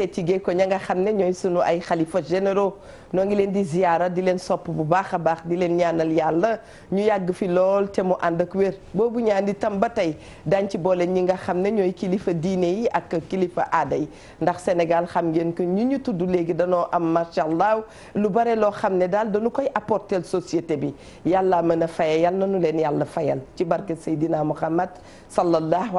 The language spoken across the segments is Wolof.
seeti gee ko ña nga xam ne ñooy sunu ay xalifa généraux noo ngi leen di ziyaara di leen sopp bu baax a baax di leen ñaanal yàlla ñu yàgg fi lool te mu ànd ak wér boobu ñaan itam ba tey dañ ci boole ñi nga xam ne ñooy kilifa diine yi ak kilifa aada yi ndax Sénégal xam ngeen que ñu ñu tudd léegi danoo am macha allah lu bare loo xam ne daal dañu koy apporter société bi yàlla mën a faye yal na nu leen yàlla fayal ci barke Seydina Muhammad sallallahu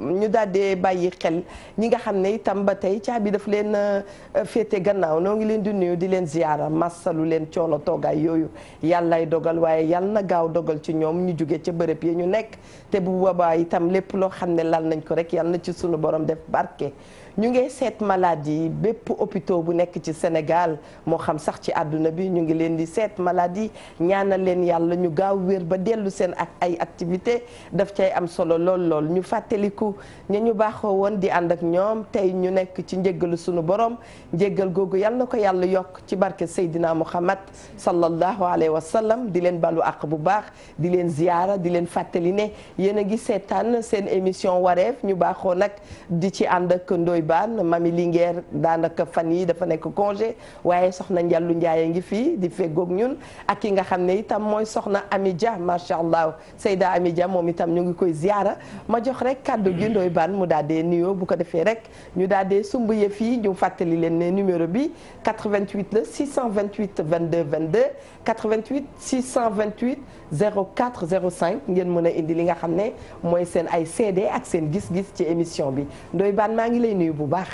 ñu daal di bàyyi xel ñi nga xam ne itam ba tey caabi daf leen euh, féete gannaaw noo ngi leen di nuyu di leen ziyaara massalu leen coono toogaay yooyu yàllaay dogal waaye yàlla na gaaw dogal ci ñoom ñu jóge ca bërëb yi ñu nekk te bu boobaa itam lépp loo xam ne lal nañ ko rek yàlla na ci sunu borom def barke ñu ngi seet maladi yi bépp hôpitaux bu nekk ci Sénégal moo xam sax ci àdduna bi ñu ngi leen di seet maladi ñaanal leen yàlla ñu gaaw wér ba dellu seen ak ay activité daf cay am solo lool lool ñu fàttaliku ña ñu baaxoo woon di ànd ak ñoom tey ñu nekk ci njéggalu sunu borom njéggal googu yal na ko yàlla yokk ci barke Seydina Muhammad sallallahu alayhi wa sallam di leen balu àq bu baax di leen ziyaara di leen fàttali ne yéen a ngi seetaan seen émission wareef ñu baaxoo nag di ci ànd ak ndoy koy baan mami Linguère daanaka fan yi dafa nekk congé waaye soxna Ndiallu Ndiaye ngi fii di feggoog ñun ak ki nga xam ne itam mooy soxna Ami Dia macha allah Seyda Ami Dia moom itam ñu ngi koy ziara ma jox rek kàddu gi ndoy baan mu daal dee nuyoo bu ko defee rek ñu daal dee sumb fii ñu fàttali leen ne numéro bi 88 la 628 22 22 88 628 04 05 ngeen mën a indi li nga xam ne mooy seen ay CD ak seen gis-gis ci émission bi Ndoye Bane maa ngi lay nuyu bu baax.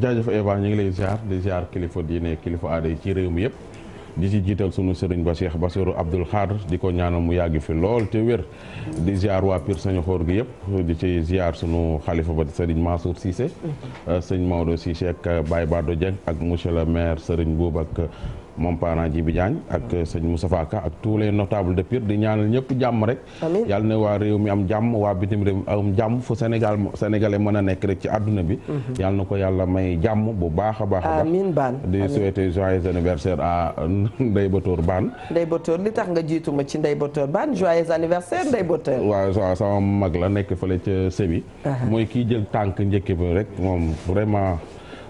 jaajëf Eva ñu ngi lay ziar di ziar kilifa diine kilifa aada yi ci réew mi yëpp di ci jiital sunu sëriñ ba Cheikh Bassirou Abdoul Khadr di ko ñaanal mu yàgg fi lool te wér di ziar waa Pire Sañu Xóor gi yëpp di ci ziar sunu xalifa ba di sëriñ Mansour Cissé mm-hmm. sëñ Maodo Cissé ak baay Bado Dieng ak monsieur le maire sëriñ boobu ak moom parent Djibi Diagne ak sëñ Moustapha Ka ak tous les notables de Pire di ñaanal ñëpp jàmm rek yàlla na waa réew mi am jàmm waa bitim réew mi am jàmm fu Sénégal sénégalais mën a nekk rek ci àdduna bi mhm. yàlla na ko yàlla may jàmm bu baax a baax amiin baan di souhaiter joyeux anniversaire à Ndeye Batoor Baan Ndeye Batoor li tax nga jiitu ma ci Ndeye Batoor Baan joyeux anniversaire Ndeye Batoor waaw waaw sama mag la nekk fa ca Sébi mooy kii jël tànk njëkk bi rek moom vraiment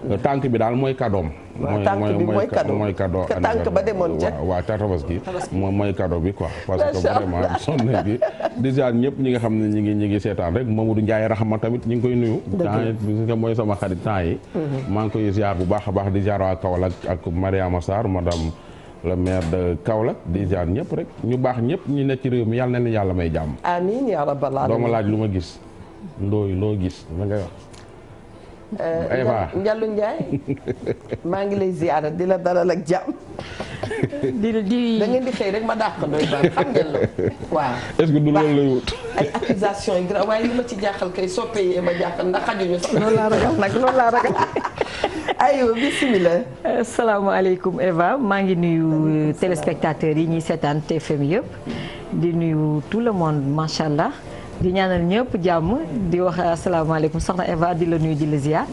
Euh, tànk bi daal mooy kadoom. bi mooy kadoo mooy kadoo tànk ba demoon ca waaw tabaski mooy kadoo bi quoi. parce que vraiment sonn nañ bi déjà ñëpp ñi nga xam ne ñu ngi ñi ngi seetaan rek Mamadou Ndiaye raxma tamit ñu ngi koy nuyu. dëgg la mooy sama xarit temps yi. Mhm. maa ngi koy ziar bu baax a baax di ziar waa Kaolack ak Mariama Sarr madame. le maire de Kaolack di jaar ñëpp rek ñu baax ñëpp ñu nekk ci réew mi yàlla na leen yàlla may jàmm. amiin ma laaj lu ma gis. ndooy loo gis la Eva euh, Ndiallo Ndiaye maa ngi lay ziara di la dalal ak jàmm. di di da ngeen di xëy ma dàq doy ba xam ngeen loolu ay accusations yi grave waaye ma ci jaaxal kay soppeeyee ma jaaxal ndax xajuñu sax. loolu laa ragal nag loolu laa ragal. aywa bisimilah. salaamaaleykum Eva maa ngi nuyu téléspectateurs yi ñuy seetaan TFM yëpp. di nuyu tout le monde macha allah. di ñaanal ñëpp jàmm di wax asalaamaaleykum soxna Eva di la nuyu di la ziar.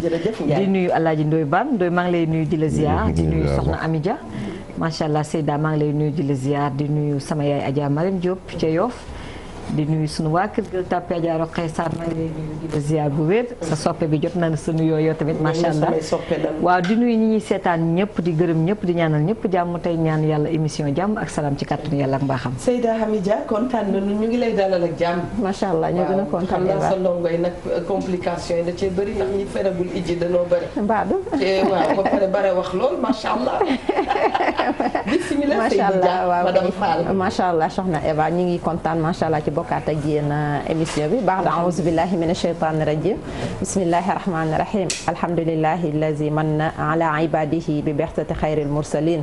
di nuyu El Hadj Ndoye Bane Ndoye maa ngi lay nuyu di la ziar. di nuyu soxna Amidia macha allah Seyda maa ngi lay nuyu di la di nuyu sama yaay Adja Marème Diop ca Yoff di nuyu sunu waa kër gi Tappé Diarra Xeysar maa ngi lay nuyu di la ziar bu wér sa soppe bi jot na sa sunu yooyu tamit macha allah waaw di nuyu ñi ñuy seetaan ñëpp di gërëm ñëpp di ñaanal ñëpp jàmm tey ñaan yàlla émission jàmm ak salaam ci kàttanu yàlla ak mbaaxam Seyda Hamidia kontaan nañu ñu ngi lay dalal ak jàmm macha allah ñoo gën a kontaan xam yi nag euh, complication yi da cee bëri ndax ñi feragul eh, waaw ba pare bare wax lool macha allah bisimilah macha allah waaw madame Fall macha allah soxna Eva ñu ngi kontaan macha allah ci bokkaat ak yéen euh, émission bi baax na auzu billahi min ashaytani rajim bismillahi rahmani rahim alhamdulillahi allazi manna ala ibadihi bi bextati xayril mursalin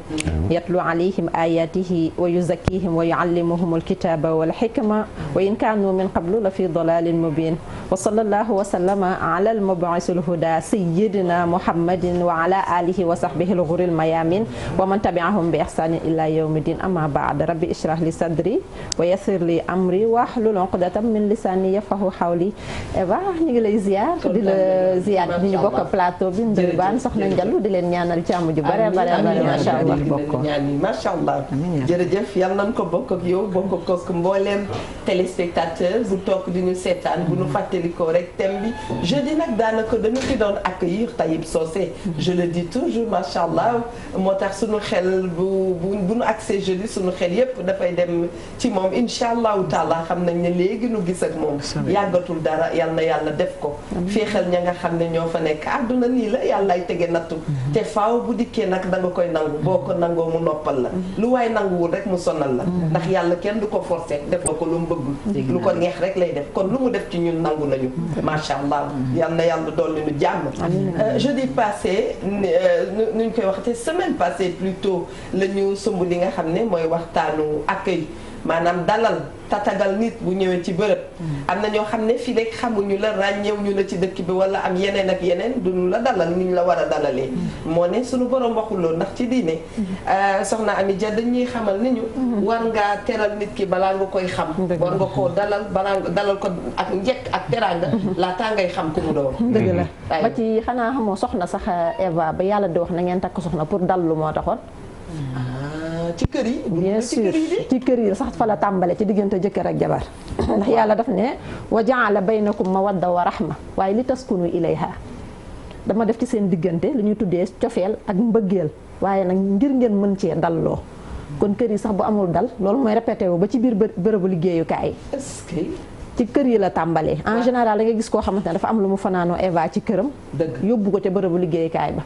yatlu alayhim ayatihi wa yuzakkihim wa yuallimuhum alkitaba wal xikma wa in kanu min qablu la fi dalalin mubin wa sallallahu wa sallama ala almab'is alhuda sayyidina muhammadin wa ala alihi wa sahbihi alghuril mayamin wa man tabi'a tabi'ahum bi ihsanin ila yawmi din amma ba'd rabbi ishrah li sadri wa yassir li amri wahlul uqdatam min lisani yafqahu qawli Eva ñu ngi lay ziar di la ziar bi ñu bokk plateau bi Ndoye Bane soxna Ndiallo di leen ñaanal jàmm ju bare bare bare masha Allah bokk masha Allah jërëjëf yal nañ ko bokk ak yow bokk ko ak mbooleem téléspectateur bu toog di ñu seetaan bu ñu fàttalikoo rek thème bi jeudi nag daanaka dañu ci doon accueillir Taïb Socé je le dis toujours masha Allah moo tax suñu xel xel bu bu bu nu accès jeudi suñu xel yépp dafay dem ci moom incha allahu taala xam nañ ne léegi nu gis ak moom yàggatul dara yal na yàlla def ko féexal ña nga xam ne ñoo fa nekk àdduna nii la yàllaay tege nattu te faaw bu dikkee nag da nga koy nangu boo ko nangoo mu noppal la lu waaye wul rek mu sonal la ndax yàlla kenn du ko forcé def nga ko lu mu bëggul lu ko neex rek lay def kon lu mu def ci ñun nangu nañu macha allah yal na yàlla dolli nu jàmm euh, jeudi passé euh, nuñ koy waxte semaine la ñu sumb li nga xam ne mooy waxtaanu ak accueil maanaam dalal tatagal nit bu ñëwee ci bërëb. Mm. am na ñoo xam ne fii rek xamuñu la ñu la ci dëkk bi wala am yeneen ak yeneen duñu la dalal ni ñu la war a dalalee. Mm. moo ne sunu borom waxul loolu ci diine. Mm. Euh, soxna Ami Dia dañuy xamal ni ñu. war ngaa teral nit ki balaa nga koy xam. war nga koo dalal balaa dalal ko ak njëkk ak teraanga. Mm-hmm. laataa ngay xam ku mu doon. dëgg la mm-hmm. ba ci xanaa xamoo soxna sax Eva ba yàlla di wax na ngeen takk soxna pour dallu moo taxoon. Ah, ci kër yi. bien sûr ci kër yi sax fa la tàmbale ci diggante jëkkër ak jabar. ndax yàlla daf ne wa jaala baynakum mawadda wa rahma waaye li taskunu ilayha dama def ci seen diggante lu ñuy tuddee cofeel ak mbëggeel waaye nag ngir ngeen mën cee dalloo. kon kër yi sax bu amul dal loolu mooy répété wu ba ci biir bërëbu liggéeyukaay. ci kër yi la tàmbalee en ah. général da nga gis koo xamante ne dafa am lu mu fanaanoo Eva ci këram yóbbu ko te bërëbu liggéeykaay ba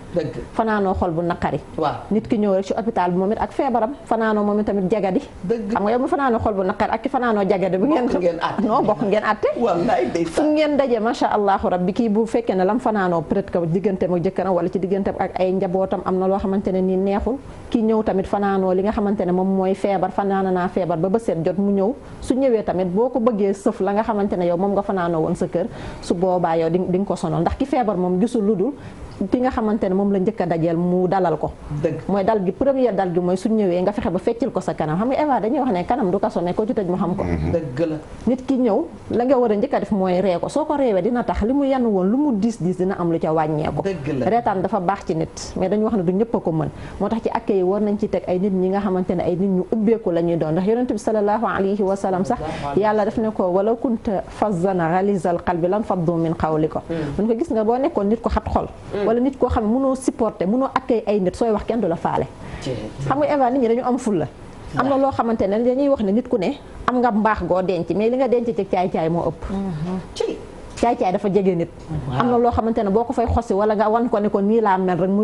fanaanoo xol bu naqari nit ki ñëw rek ci hôpital bi moom it ak feebaram fanaanoo moom xam nga ne lam fanaanoo peut-être que diggante ma am na loo xamante nii neexul kii ñëw tamit fanaanoo li nga xamante ne moom mooy feebar fanaana naa feebar ba ba seet jot mu ñëw su ñëwee tamit boo ko bëggee sëf la nga xamante ne yow moom nga fanaanoo woon sa kër su boobaa yow di nga ko sonal ndax ki feebar moom gisul lu dul bi nga xamante ne moom la njëkk a dajeel mu dalal ko mooy dal gi première dal gi mooy suñ ñëwee nga fexe ba feccil ko sa kanam xam nga Eva dañuy wax ne kanam du kaso ne ko ci tëj mu xam ko mm-hmm. ki ñëw la nga war a def mooy ree ko soo ko reewee dina tax li mu yenn woon lu mu diis diis dina am lu ca wàññeeku reetaan dafa baax ci nit mais dañu wax ne du ñëpp ko mën moo tax ci accueil yi war nañ ci teg ay nit ñi nga xamante ne ay nit ñu ubbeeku la ñuy doon ndax yonent bi sallallahu alayhi wa sallam sax yàlla daf ne ko wala kunta fazzana xal qalbi lam faddu min xawli ko mm. mun ko gis nga boo nekkoon nit ko xat xol mm. Mm. wala nit koo xam ne mënoo supporter mënoo accueillir ay nit sooy wax kenn du la faale. xam nga Eva nit ñi dañu am fulla am na loo xamante ne dañuy wax ne nit ku ne am nga mbaax goo denc mais li nga denc ci caay caay moo ëpp. Mm-hmm. caay-caay dafa jege nit am na loo xamante ne boo ko fay xosi wala nga wan ko ne ko nii laa mel rek mu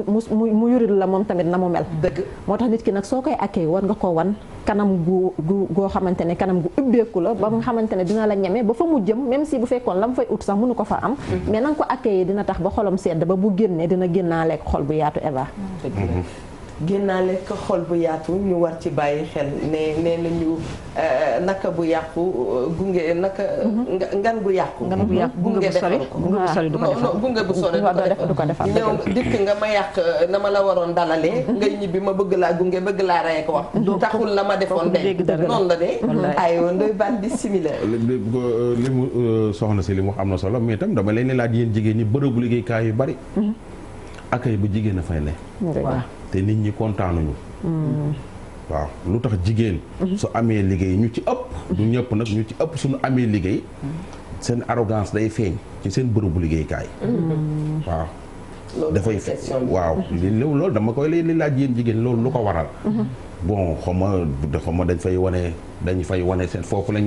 mu yuril la moom tamit na mu mel moo tax nit ki nag soo koy akkee war nga ko wan kanam gu gu goo xamante ne kanam gu ubbeeku la ba nga xamante ne dina la ñeme ba fa mu jëm même si bu fekkoon la mu fay ut sax munu ko fa am mais na nga ko akkee dina tax ba xolam sedd ba bu génnee dina génnaaleeg xol bu yaatu Eva génnaale ko xol bu yaatu ñu war ci bàyyi xel ne nee nañu euh, naka bu yàqu euh, gunge naka. Mhm. ngan bu yàqu. ngan bu yàqu nga defar ko gunge bu sori du ko defar gunge bu sori nga ma yàq euh, na la waroon dalalee. Mhm. ngay ma bëgg laa gunge bëgg laa rey ko wax. la ma defoon de noonu la de. aywa ndoy baat li mu soxna si li mu am na solo mais itam dama leen laaj yéen jigéen ñi bërëbu liggéeykaay yu bari. Mhm. akay bu jigéen fay lay. te nit ñi kontaanuñu waaw lu tax jigéen su amee liggéey ñu ci ëpp du ñëpp nag ñu ci ëpp suñu amee liggéey seen arrogance day feeñ ci seen bërëbu liggéeykaay waaw dafay waaw li lool dama koy lay laaj yéen jigéen loolu lu ko waral bon xaw ma ma dañ fay wone dañ fay wane seen foofu la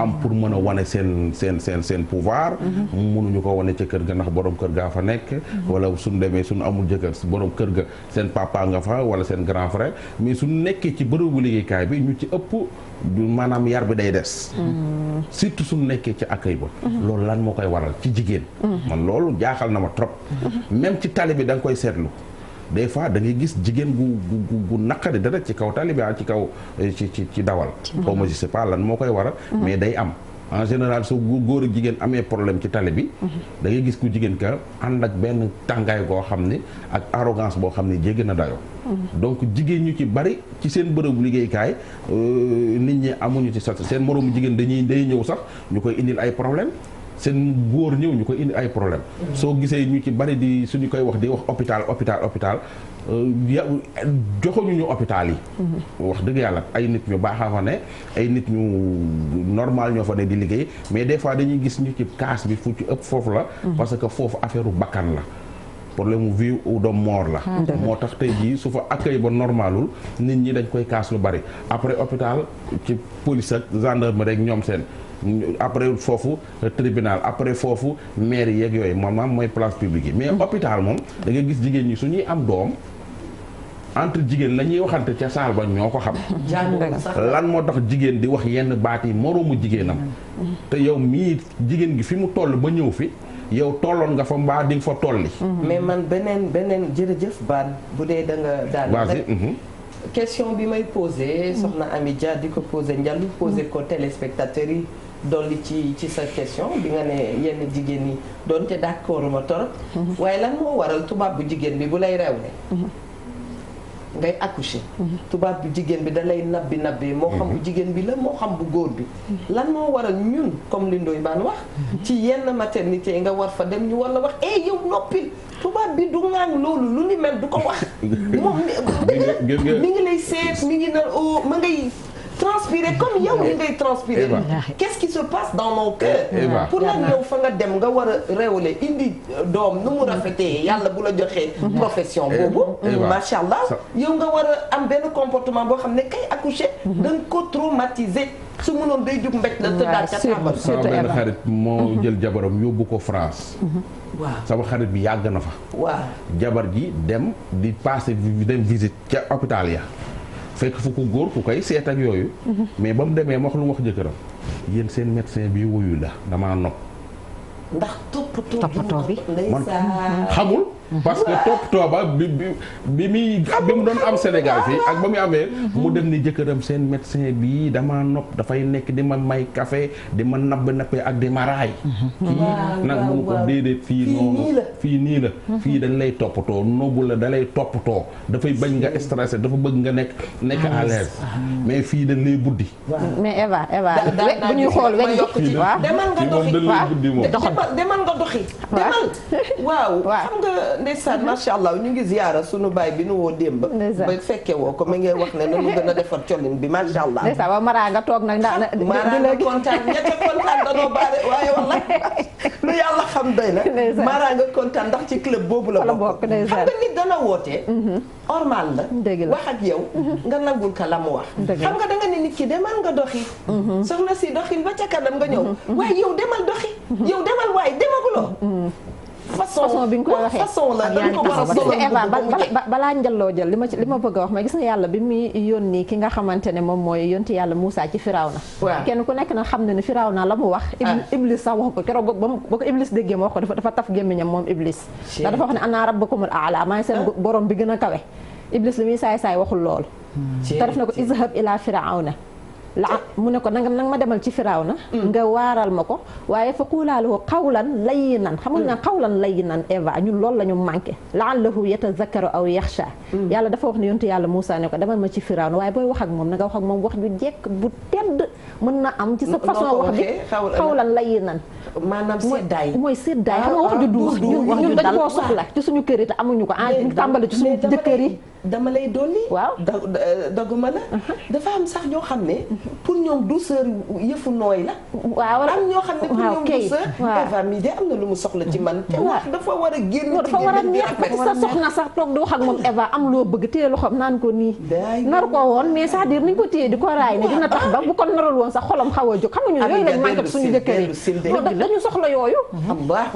am pour mën a wane seen seen seen seen pouvoir mënuñu ko wane ca kër ga ndax boroom kër gaa fa nekk wala suñ demee suñ amul jëkkër borom kër ga seen papa nga fa wala seen grand frère mais suñ nekkee ci bërëbu liggéeykaay bi ñu ci ëpp du maanaam yar bi day des surtout suñ nekkee ci accueil ba loolu lan moo koy waral ci jigéen man loolu jaaxal na ma trop même ci tali bi da koy seetlu des fois da ngay gis jigéen gu gu gu naqari dara ci kaw tali bi ah, ci kaw eh, ci ci dawal. xaw ma je pas lan moo koy waral. Mm-hmm. mais day am. en général soo góor ak jigéen amee problème ci tali bi. Mm-hmm. da ngay gis ku jigéen ka ànd ak benn tàngaay goo xam ne ak arrogance boo xam ne jéggi na dayoo. Mm-hmm. donc jigéen ñu ci bari ci seen bërëbu liggéeykaay euh, nit ñi amuñu ci sax seen moroomu jigéen dañuy day ñëw sax ñu koy indil ay problème seen góor ñëw ñu ko indi ay problème soo gisee ñu ci bari di suñu koy wax di wax hôpital hôpital hôpital euh, joxuñu ñu hôpital yi mm-hmm. wax dëgg yàlla ay nit ñu baax a fa ne ay nit ñu normal ñoo fa ne di liggéey mais des fois dañuy gis ñu ci kaas bi fu ci ëpp foofu la mm-hmm. parce que foofu affaire u bakkan la problème mu vie ou de la ah, moo tax tey jii su fa accueil ba normalul nit ñi dañ koy kaas lu bari après hôpital ci police ak gendarmerie rek ñoom seen après foofu tribunal après foofu maire yeeg yooyu moom maanaam mooy place publique yi mais hmm. hôpital moom da nga gis jigéen ñi su ñuy am doom entre jigéen lañuy ñuy waxante ca saal ba ñoo ko xam lan moo tax jigéen di wax yenn baat yi moroomu jigéenam hmm. te yow mii jigéen gi fi mu toll ba ñëw fi yow tolloon nga fa mbaa di nga fa tolli. Mm-hmm. mais man beneen beneen jërëjëf baan bu dee da nga. daal rek mm-hmm. question bi may posé mm-hmm. soxna Ami jaar di ko posé Ndiallo posé ko téléspectateur yi dolli ci ci sa question bi nga ne yenn jigéen ñi doonte d'accord ma torop waaye lan moo waral tubaab bu jigéen bi bu lay rewle ngay accoucher tubaab bu jigéen bi da lay nabbi nabbee moo xam bu mhm. jigéen bi la moo xam bu góor bi mhm. lan moo waral ñun comme li Ndoye Bane wax mhm. ci yenn maternité nga war fa dem ñu war wax eh yow noppil bi du ŋaan loolu lu ni mel ko wax mi ngi lay seet mi ngi na oh, ma ngay transpirer comme yow li ngay transpirer. qu'est-ce qui se passe dans nos cœurs. Eh, pour lan yow fa nga dem nga war a réewale indi euh, doom nu mu mm-hmm. rafetee yàlla bu la joxee. Mm-hmm. profession eh, boobu. macha allah yow nga war am benn comportement boo xam ne kay accoucher. Mm-hmm. da nga ko traumatiser. su mënoon day jug mbéj la tëddaat ca taabal. sama benn xarit moo jël jabaram yóbbu ko France. waaw sama xarit bi yàgg na fa. waaw jabar ji dem di passé dem visite ca hôpital ya fekk fu ko góor ku koy seet ak yooyu. mais ba mu demee wax lu mu wax jëkkëram. yéen seen médecin bi wuyu la damaa nopp. ndax toppatoo bi man parce que topp tooba bi bi bi muy bi mu doon am Sénégal fii ak ba muy amee mu dem ni jëkkëram seen médecin bii dama nopp dafay nekk di ma may kafe di ma nab nappee ak di ma raay kii nag mënu ko déedéet fii noonu fii nii la fii dañ lay toppatoo noobu la da toppatoo dafay bañ nga stressé dafa bëgg nga nekk nekk à mais fii dañ lay buddi mais Eva Eva bu ñuy xool weñ demal nga demal nga doxi waaw xam ndeysaan mhm. macha allah ñu ngi ziyaara sunu baay bi nu woo démb ba fekke woo ko ma ngay wax ne nanu gën a defar colin bi macha allah ndeysaan waaw mara nga toog nag ndax ah, mara nga na mara nga ndax ci club boobu la bokk xam nga nit dana woote normal mhm. la wax ak yow mhm. nga nangul ka la mu wax xam nga danga ne nit ki demal nga doxi soxna si doxin ba ca kanam nga ñëw waaye yow demal doxi yow demal waaye demaguloo façon bi nga koy waxee façon la dañ ko a sol Eva balaa njalloo jël li ma li ma bëgg a wax ma gis nga yàlla bi muy yónni ki nga xamante ne moom mooy yonti yàlla Moussa ci Firawna kenn ku nekk na xam ne ne Firawna la mu wax Iblis ah. wax ko keroog ba ko Iblis déggee dafa taf gémmiñam moom Iblis ndax dafa wax ne ah. bi gën a kawe Iblis li saay saay waxul loolu hmm. te def na ko izhab ila Firawna laa mu ne ko nanga nanga ma demal ci firaaw na mm. nga waaral ma ko waaye fa kuulaalahu xawlan layyinan xam nga xawlan mm. layyinan Eva ñun loolu la ñu yeta laallahu yatazakkaru aw yaxsha mm. yàlla dafa wax ne yontu yàlla Moussa ne ko demal ma ci Firawna waaye booy wax ak moom na nga wax ak moom wax ju jekk bu tedd mën na am ci sa façon wax bi xawlan layyinan maanaam seddaay mooy seddaay xam nga wax ju duur ñun dañ koo soxla ci suñu kër yi te amuñu ko en ah, tàmbali ci suñu jëkkër yi dama lay dolli waaw daguma la uh-huh. dafa am sax ñoo xam ne uh-huh. pour ñoom douceur yëfu nooy la. waaw am ñoo xam ne waaw na lu mu soxla ci man. te wax dafa war a génn. dafa sa soxna sax toog di wax ak moom loo bëgg téye ko nii. nar ko woon mais c'est-à-dire ni ñu ko di ko raay ne ba ko narul woon sax xaw a jóg. xam nga ñun yooyu lañ manqué suñu jëkkër yi dañu soxla yooyu.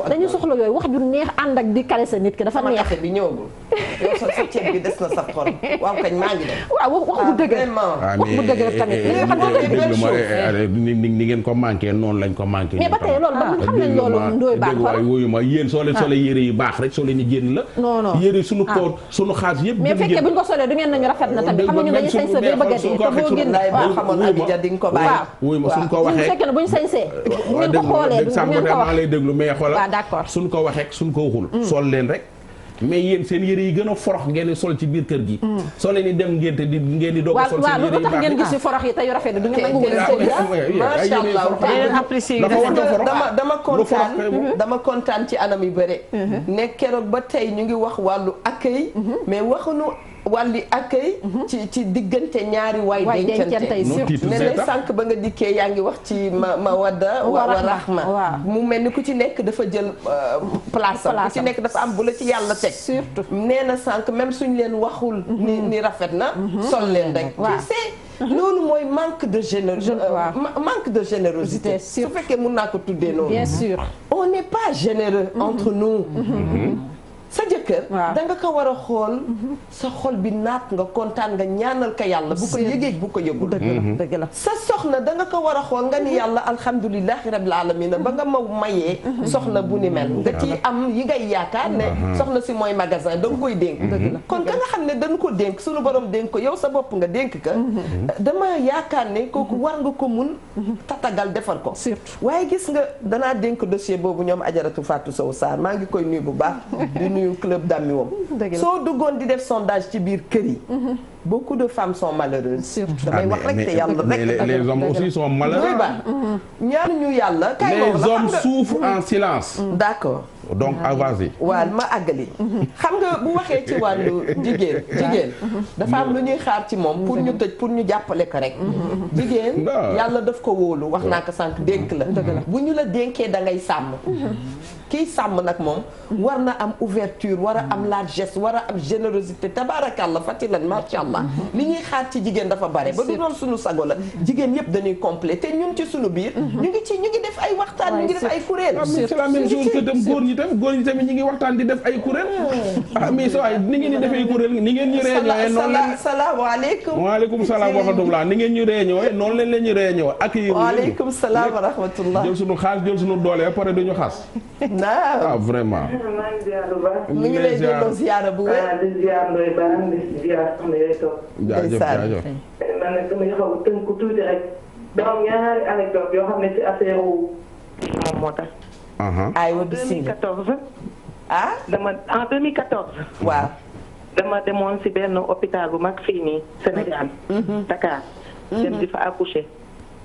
dañu di kale sa nit ki dafa neex. sama bi ñëwagul yow sa ceeb bi des na sa xorom waaw kañ maa wax bu ah, dëgg. Ah, wax bu dëgg tamit eh, eh, ni ngeen ko manqué noonu lañ ko manqué mais ba tey loolu ba ah, xam nañ loolu ndooy baax waay wooyu ma yéen soo leen ah. solee yére yu baax rek soo leen di génn la non non yére suñu koor suñu xaas yëpp mais fekkee buñ ko solee du ngeen nañu rafet na tamit xam nañu dañuy sañ sa bëgg a dee te boo génn waaw xamoon Adja di nga ko bàyyi wuy ma suñ ko waxee fekkee ne buñ sañsee eh, bu ko xoolee lay déglu mais xoolal waaw d'accord suñ ko waxee suñ ko waxul mm. sol leen rek mais yéen seen yëre yi gën a forox ngeen di sol ci biir kër gi. soo leen di dem ngénte di ngeen di doog a sol seen yëre yi baax waaw lu tax ngeen gis si forox yi te yu rafet du ngeen nangu ngeen sol macha allah dama dama kontaan dama kontaan ci anam yu bëre. Mhm. ne keroog ba tey ñu ngi wax wàllu accueil mhm. mais waxuñu wàlli accueil mhm. ci ci diggante ñaari waay dencante ne lay sànq ba nga dikkee yaa ngi wax ci ma ma wadda wa rahma mu mel ni ku ci nekk dafa jël euh, place am ku ci nekk dafa am bu ci yàlla teg surtout nee na sànq même suñ leen waxul mhm. ni rafet na mhm. sol leen rek loolu mooy manque de géné euh, manque de générosité su fekkee mun naa ko tuddee noonu bien sûr on n'est pas généreux entre nous sa jëkkër da nga ko war a xool sa xol bi naat nga kontaan nga ñaanal ko yàlla bu ko yëgeeg bu ko yëgul dëgg la sa soxna da ko war a xool nga ni mhm. yàlla alhamdulilahi rabil alamin ba nga ma mayee mhm. soxna bu ni mel nga ci am yi ngay yaakaar ne mhm. soxna si mooy magasin danga koy dénk kon xam ne dañ ko dénk suñu borom dénk ko yow sa bopp nga dénk ka dama yaakaar ne kooku war nga ko mun tatagal defar ko surtout waaye gis nga danaa dénk dossier boobu ñoom ajaratu Fatou Sow Sarr maa ngi koy nuyu bu baax nuyu club d'ami wam mm, soo duggoon di def sondage ci biir kër yi mm-hmm. beaucoup de femmes sont malheureuses surtout damay ah, wax rek te yàlla rek les hommes aussi sont malheureux mm-hmm. ñaanuñu yàlla kay les hommes souffrent en mm-hmm. silence d'accord donc ah, avasi waaw ma àggali xam nga bu waxee ci wàllu jigéen jigéen dafa am lu ñuy xaar ci moom pour ñu tëj pour ñu jàppale ko rek jigéen yàlla daf ko wóolu wax naa ko sànq dénk la bu ñu la dénkee da sàmm kiy sàmm nag moom war na am ouverture war a am mm. largesse war a am générosité tabarakallah fatilan macha allah mm-hmm. li ñuy xaar ci jigéen dafa bare ba du doon suñu sago la mm-hmm. jigéen yëpp dañuy complété ñun ci suñu biir mm-hmm. ñu ngi ci ñu ngi def ay waxtaan ñu ngi def ay kuréel ah, c'est la même chose que dem góor ñi tam góor ñi tamit ñu ngi waxtaan di def ay kuréel ah ni ngeen ñu defee kuréel ni ngeen ñu noonu la salaamaaleykum waaleykum salaam wa rahmatullah ni ngeen ñu réunion noonu leen leen ñu réunion ak yi waaleykum jël suñu xaas jël suñu doole pare duñu xaas ah vraiment. mi ngi lay delloo ziyaara bu wér. ah di ziyaar Ndoye Bane di ziyaar soxna yooyu toog. jaajëf jaajëf. man nag damay xaw a tënku tuuti rek. donc ñaari anecdote yoo xam ne ci affaire wu. moom moo tax. aywa bisimilah 2014. ah dama en 2014. waaw. dama demoon ci benn hôpital bu mag fii nii Sénégal. Dakar. dem di fa accoucher.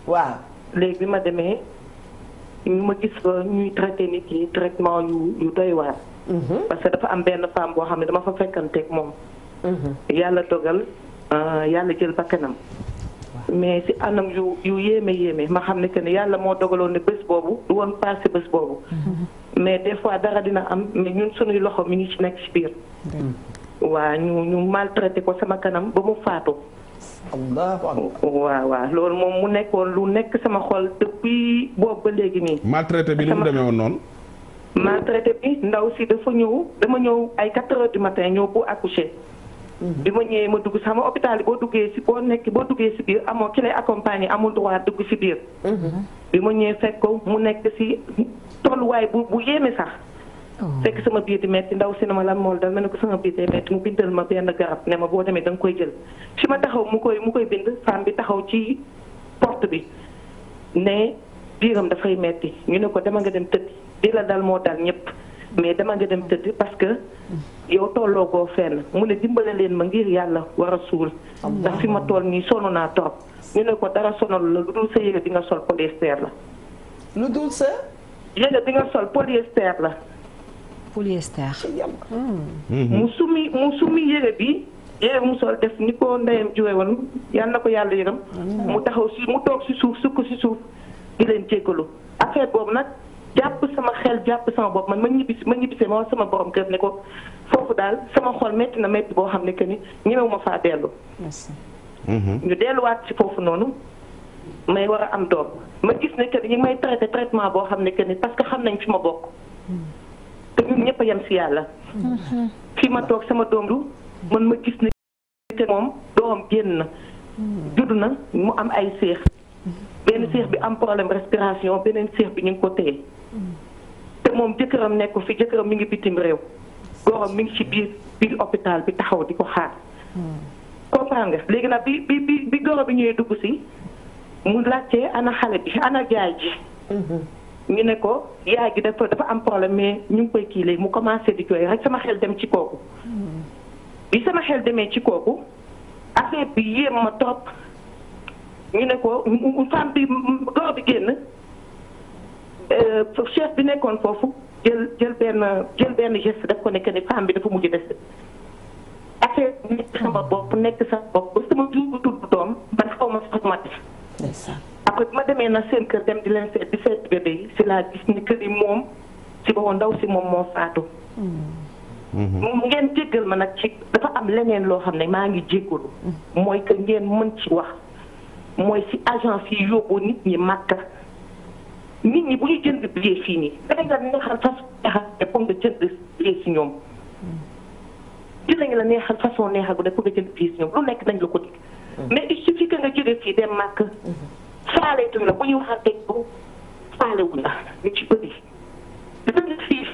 waaw léegi bi ma demee. ñu ma gis fa ñuy traité nit yi traitement yu yu doy waar. Mhm. parce que dafa am benn femme boo xam ne dama fa fekkanteeg moom. Mhm. yàlla dogal euh, yàlla jël kanam mais si anam yu yu yéeme yéeme ma xam ne que ne yàlla moo dogaloon ne bés boobu du woon passé bés boobu. Mhm. mais des fois dara dina am mais ñun sunuy loxo mi ngi ci nekk si biir. waa ñu ñu maltraité ko sama kanam ba mu faatu. allahu akbar waaw waaw loolu moom mu nekkoon lu nekk sama xol depuis boobu ba léegi nii. maltraité bi ni mu demee woon noonu. maltraité bi ndaw si dafa ñëw dama ñëw ay 4 heures du matin ñëw pour accoucher. Mhm. bi ma ñëwee ma dugg sama hôpital yi boo duggee si boo nekk boo duggee si biir amoo ki lay accompagner amul droit dugg si biir. Mhm. bi ma ñëwee fekk mu nekk si tolluwaay bu bu yéeme sax. Oh. fekk sama biir di metti ndaw si ne ma lan mool dal ma ne ko sama biir day metti mu bindal ma benn garab ne ma boo demee da nga koy jël fi ma taxaw mu koy mu koy bind femme bi taxaw ci porte bi ne biiram dafay metti ñu ne ko dama nga dem tëdd di la dal moo dal ñëpp mais dama nga dem tëdd parce que yow tolloo koo fenn mu ne dimbale leen ma ngir yàlla war a suul ndax fi ma toll nii sonn naa torop ñu ne ko dara sonal la lu dul sa yére bi nga sol polyester la lu dul sa yére bi la polyester. Mm-hmm. musumi musumi yére bi yére mu sol def ni ko ndeyam juwe woon yal na ko yàlla yërëm. Mm-hmm. mu taxaw si mu toog si suuf sukk si suuf di leen jéggalu affaire boobu nag jàpp sama xel jàpp sama bopp man ma ñibbi ma ñibbisee ma wax sama borom kër ne ko foofu daal sama xol metti na métti boo xam ne que ni ñemewuma faa dellu. Mm-hmm. ñu delluwaat ci foofu noonu may war a am doom ma gis ne que ni ñu may traité traitement boo xam ne que ni parce que xam nañ fi ma bokk. ñun ñëpp a yem si yàlla. fi ma toog sama doom du man ma gis ne que moom doom génn na. judd na mu am ay seex. benn seex bi am problème respiration beneen seex bi ñu ngi ko téye. te moom jëkkëram nekku fi jëkkëram mi ngi bitim réew. góoram mi ngi ci biir biir hôpital bi taxaw di ko xaar. comprendre nga léegi nag bi bi bi bi góor bi ñëwee dugg si mu laajte ana xale bi ana jaay ji. ñu ne ko yaay gi dafa dafa am problème mais ñu ngi koy kii léegi mu commencé di koy rek sama xel dem ci kooku. bi sama xel demee ci kooku affaire bi yéem ma trop ñu ne ko femme bi góor bi génn euh, chef bi nekkoon foofu jël jël benn jël benn geste daf ko nekk ni femme bi dafa mujj des. affaire bi nekk sama bopp nekk sama bopp ba sama jur bu tudd doom man xaw ma sax ma def. ko ma demee na seen kër dem di leen seet di seet bébé yi si laa gis ni kër yi moom si boobu ndaw si moom moo faatu. mu mm-hmm. ngeen jéggal ma nag ci dafa am leneen loo xam ne maa ngi jéggalu. mooy que ngeen mën ci wax mooy ci agence yi yóbbu nit ñi màkka nit ñi bu ñu jënd billet fii nii da nga neexal façon neexal te pour nga jënd billet si ñoom. dina nga la neexal façon neexal bu dee pour nga jënd billet si ñoom lu nekk nañ la ko dig. Mm-hmm. mais il suffit que nga jëlee fii dem màkk. Mm-hmm. faaleetuñu la bu ñu waxantee ko faalewuñu la ñu ci bëri li doon xiif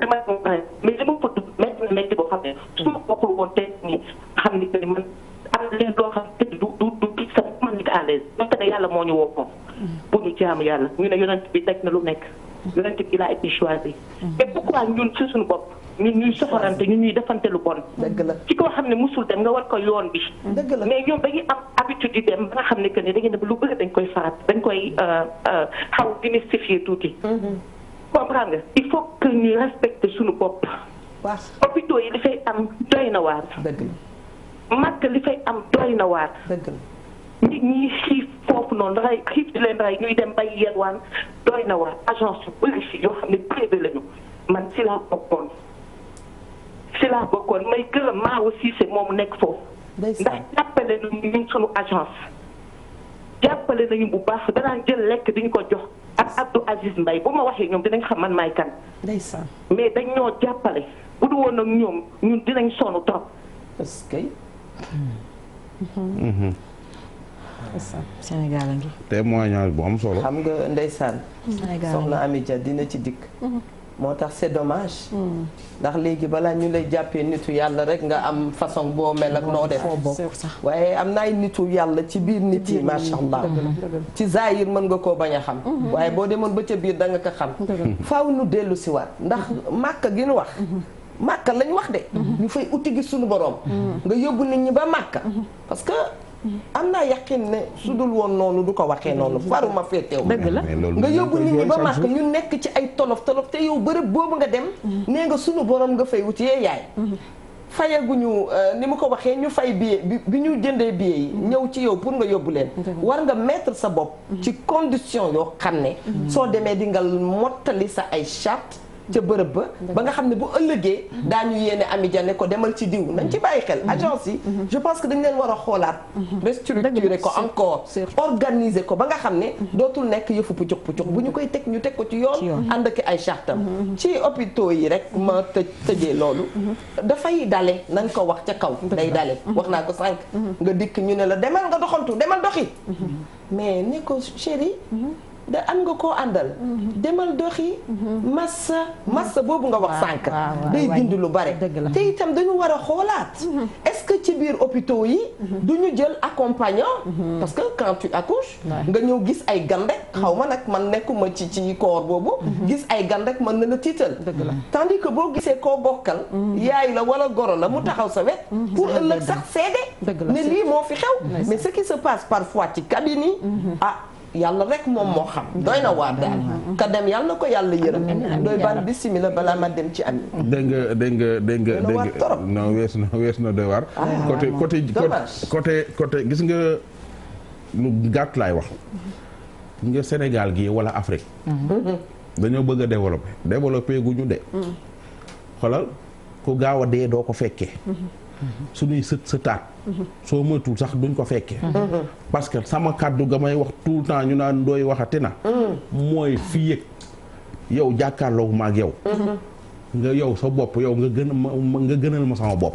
damay comprendre mais li ma fa dugg métti na métti boo xam ne su ma bokkul woon tey nii xam ni que ni man am na leen loo xam te du du du kii sax man nit à l'aise donte ne yàlla moo ñu woo ko bu ñu jaam yàlla ñu ne yonent bi teg na lu nekk yonent bi laa été choisi mais mm. pourquoi ñun ci suñu bopp ñun ñuy soxorante ñun ñuy defante lu bon. dëgg la ci koo xam ne musul dem nga war ko yoon bi. dëgg la mais ñoom dañuy am habitude di dem ba nga xam ne que ne da ngeen ne lu bëri dañ koy farat dañ koy euh, euh, xaw démystifier tuuti. Mm-hmm. comprendre nga il faut que ñu respecte suñu bopp. waaw hôpitaux yi li fay am doy na waar. dëgg la màkk li fay am doy na waar. nit ñi xiif foofu noonu ray xiif di leen ray ñuy dem bay yelwaan doy na waar agence yu bëri yoo xam ne privé lañu man si laa bokkoon. si laa bokkoon may gërëm maa aussi c'est moom nekk foofu. ndax jàppale nañu ñun suñu agence. jàppale nañu bu baax danaa jël lekk diñu ko jox ak Abdou Aziz mbay bu ma waxee ñoom dinañ xam man maay kan. ndeysaan mais dañ ñoo jàppale bu du na ak ñoom ñun dinañ sonn trop. parce que. Mm-hmm. Sénégal a ngi. témoignage bu am solo. xam nga ndeysaan. Sénégal soxna Amidia dina ci dikk. Mm-hmm. moo tax c'est dommage. Hmm. ndax léegi balaa ñu lay jàppee nitu yàlla rek nga am façon boo mel ak noo def. waaye am na ay nitu yàlla ci biir nit yi macha allah. ci zaahir mën nga koo bañ a xam. Hmm. waaye boo demoon ba ca biir da nga ko xam. faaw nu dellu si waat ndax màkk gi nu wax. màkk hmm. lañ wax de. ñu fay uti gi suñu borom. nga yóbbu nit ñi ba màkk parce que. Mm. am naa yaqin ne su dul woon noonu du ko waxee mm. noonu faruma fee teew dëgg la nga yóbbu nit ñi ba màkk ñu nekk ci ay tolof tolof te yow bërëb boobu nga dem mm. nee nga sunu borom nga fay wuti yee eh, yaay mm-hmm. fayaguñu euh, ni mu ko waxee ñu fay billet bi ñu jëndee billet yi mm-hmm. ñëw ci yow pour nga yóbbu leen war nga mettre sa bopp mm-hmm. ci condition yoo xam ne soo demee di mottali sa ay charte ca bërëb ba ba nga xam ne bu ëllëgee mhm. daañu yéene Amidia ne ko demal ci diw nañ ci bàyyi xel mhm. agence yi mhm. je pense que dañ leen war a xoolaat restructurer ko encore organiser ko ba nga xam ne dootul nekk yëfu pucuk pucuk bu ñu koy teg ñu teg ko ci yoon ànd ak ay chartam ci hôpitaux yi rek ma tëj tëjee loolu dafay dale nañ ko wax ca kaw day dale wax naa ko sànq nga dikk ñu ne la demal nga doxantu demal doxi mais ne ko chéri da am nga koo àndal. Mhm. demal doxi. Mhm. massa massa mhm. boobu nga wax sànq. day dindi lu bare. te itam dañu war a xoolaat. est-ce que ci biir hôpitaux yi. du ñu jël accompagnant. parce que quand tu accouches. nga ñëw gis ay gan rek xaw ma nag man nekkuma ci ci koor boobu. gis ay gan rek mën na la tiital. tandis que boo gisee koo bokkal. yaay la wala goro la mu taxaw sa wet. pour ëllëg sax seede. ne lii moo fi xew. mais ce qui se passe parfois ci cabine yi. ah. yàlla rek moom moo xam mm-hmm. doy na waar daal mm-hmm. ka dem yàlla na ko yàlla yërëm doy ban bisimila balaa ma dem ci am dégg nga dégg nga dégg nga dégg nga non weesu na weesu na doy waar ah, côté côté côté côté gis nga lu gàtt laay wax nga Sénégal gi wala Afrique mm-hmm. dañoo bëgg a développé développé gu ñu de xoolal ku gaaw a dee doo ko fekkee suñuy sët sëtaat soo moytul sax duñ ko fekkee parce que sama kàddu ga may wax tout le temps ñu naan dooy waxati na mm-hmm. mooy fi yëg yow jàkkaarloo maag yow nga yow sa bopp yow nga gën nga gënal ma sama bopp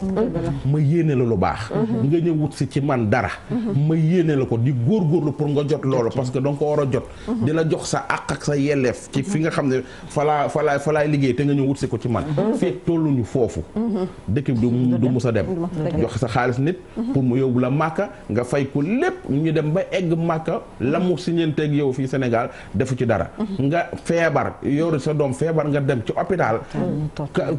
ma yéene la lu baax mhm. nga ñëw wut si ci man dara mhm. ma yéene la ko di góor góorgóorlu pour nga jot loolu parce que danga ko war a jot mhm. di la jox sa àq ak sa yelleef ci fi nga xam ne falaa falaa falaay liggéey te nga ñëw wut si ko ci man fekk ñu foofu dëkk bi du mus a dem jox sa xaalis nit pour mu yóbbu la màkka nga fay ko lépp ñu dem ba egg màkka la mu si siñanteeg yow fii senegal defu ci dara nga feebar yoru sa doom feebar nga dem ci hôpital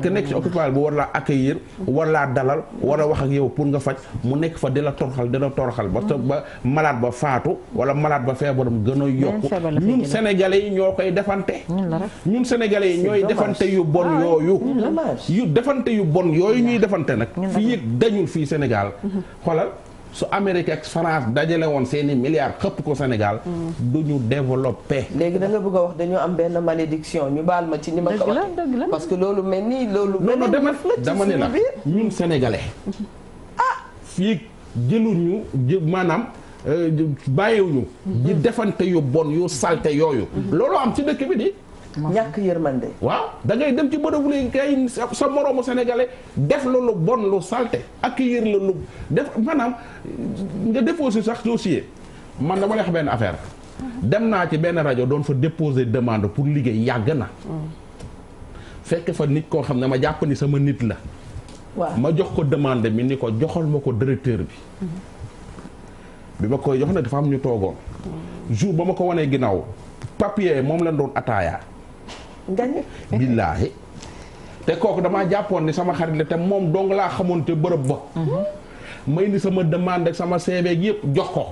que nekk ci hôpital bu war laa accueillir war laa dalal war a wax ak yow pour nga faj mu nekk fa di la toroxal di la toroxal ba ba malade ba faatu wala malaat ba feebaram gën a yokku ñun sénégalais yi ñoo koy defante ñun sénégalais yi ñooy defante yu bon ah yooyu yu defante yu bon yooyu ñuy defante nag fi fii dañul fii Sénégal mhm. xolal su Amérique ak France dajale woon seeni milliards xëpp ko Sénégal. du ñu développé. léegi da nga bëgg a wax dañoo am benn malédiction ñu baal ma ci ni ma ko waxee. parce que loolu mel ni loolu. non non dama dama ne la ñun sénégalais. ah fii ñu jë maanaam euh, bàyyiwuñu. Mm-hmm. di defante yu bon yu salte yooyu. Mm-hmm. loolu am ci dëkk bi di. ñàkk yërmande. waaw da ngay dem ci bërëbu léegi kay sa moroomu sénégalais def la lu bon lu salte accueillir la lu def maanaam nga déposé sax dossier man dama lay wax benn affaire dem naa ci benn rajo doon fa déposer demande pour liggéey yàgg na. fekk fa nit koo xam ne ma jàpp ni sama nit la. waaw ma jox ko demande mi ni ko joxal ma ko directeur bi. bi ma koy jox na dafa am ñu toogoon. jour ba ma ko wanee ginnaaw papier moom lañ doon ataaya. ngañ billaahi te kooku damaa jàppoon ni sama xarit la te moom dong laa xamoon te bërëb ba mhm. may ni sama demande ak sama CV yëpp jox ko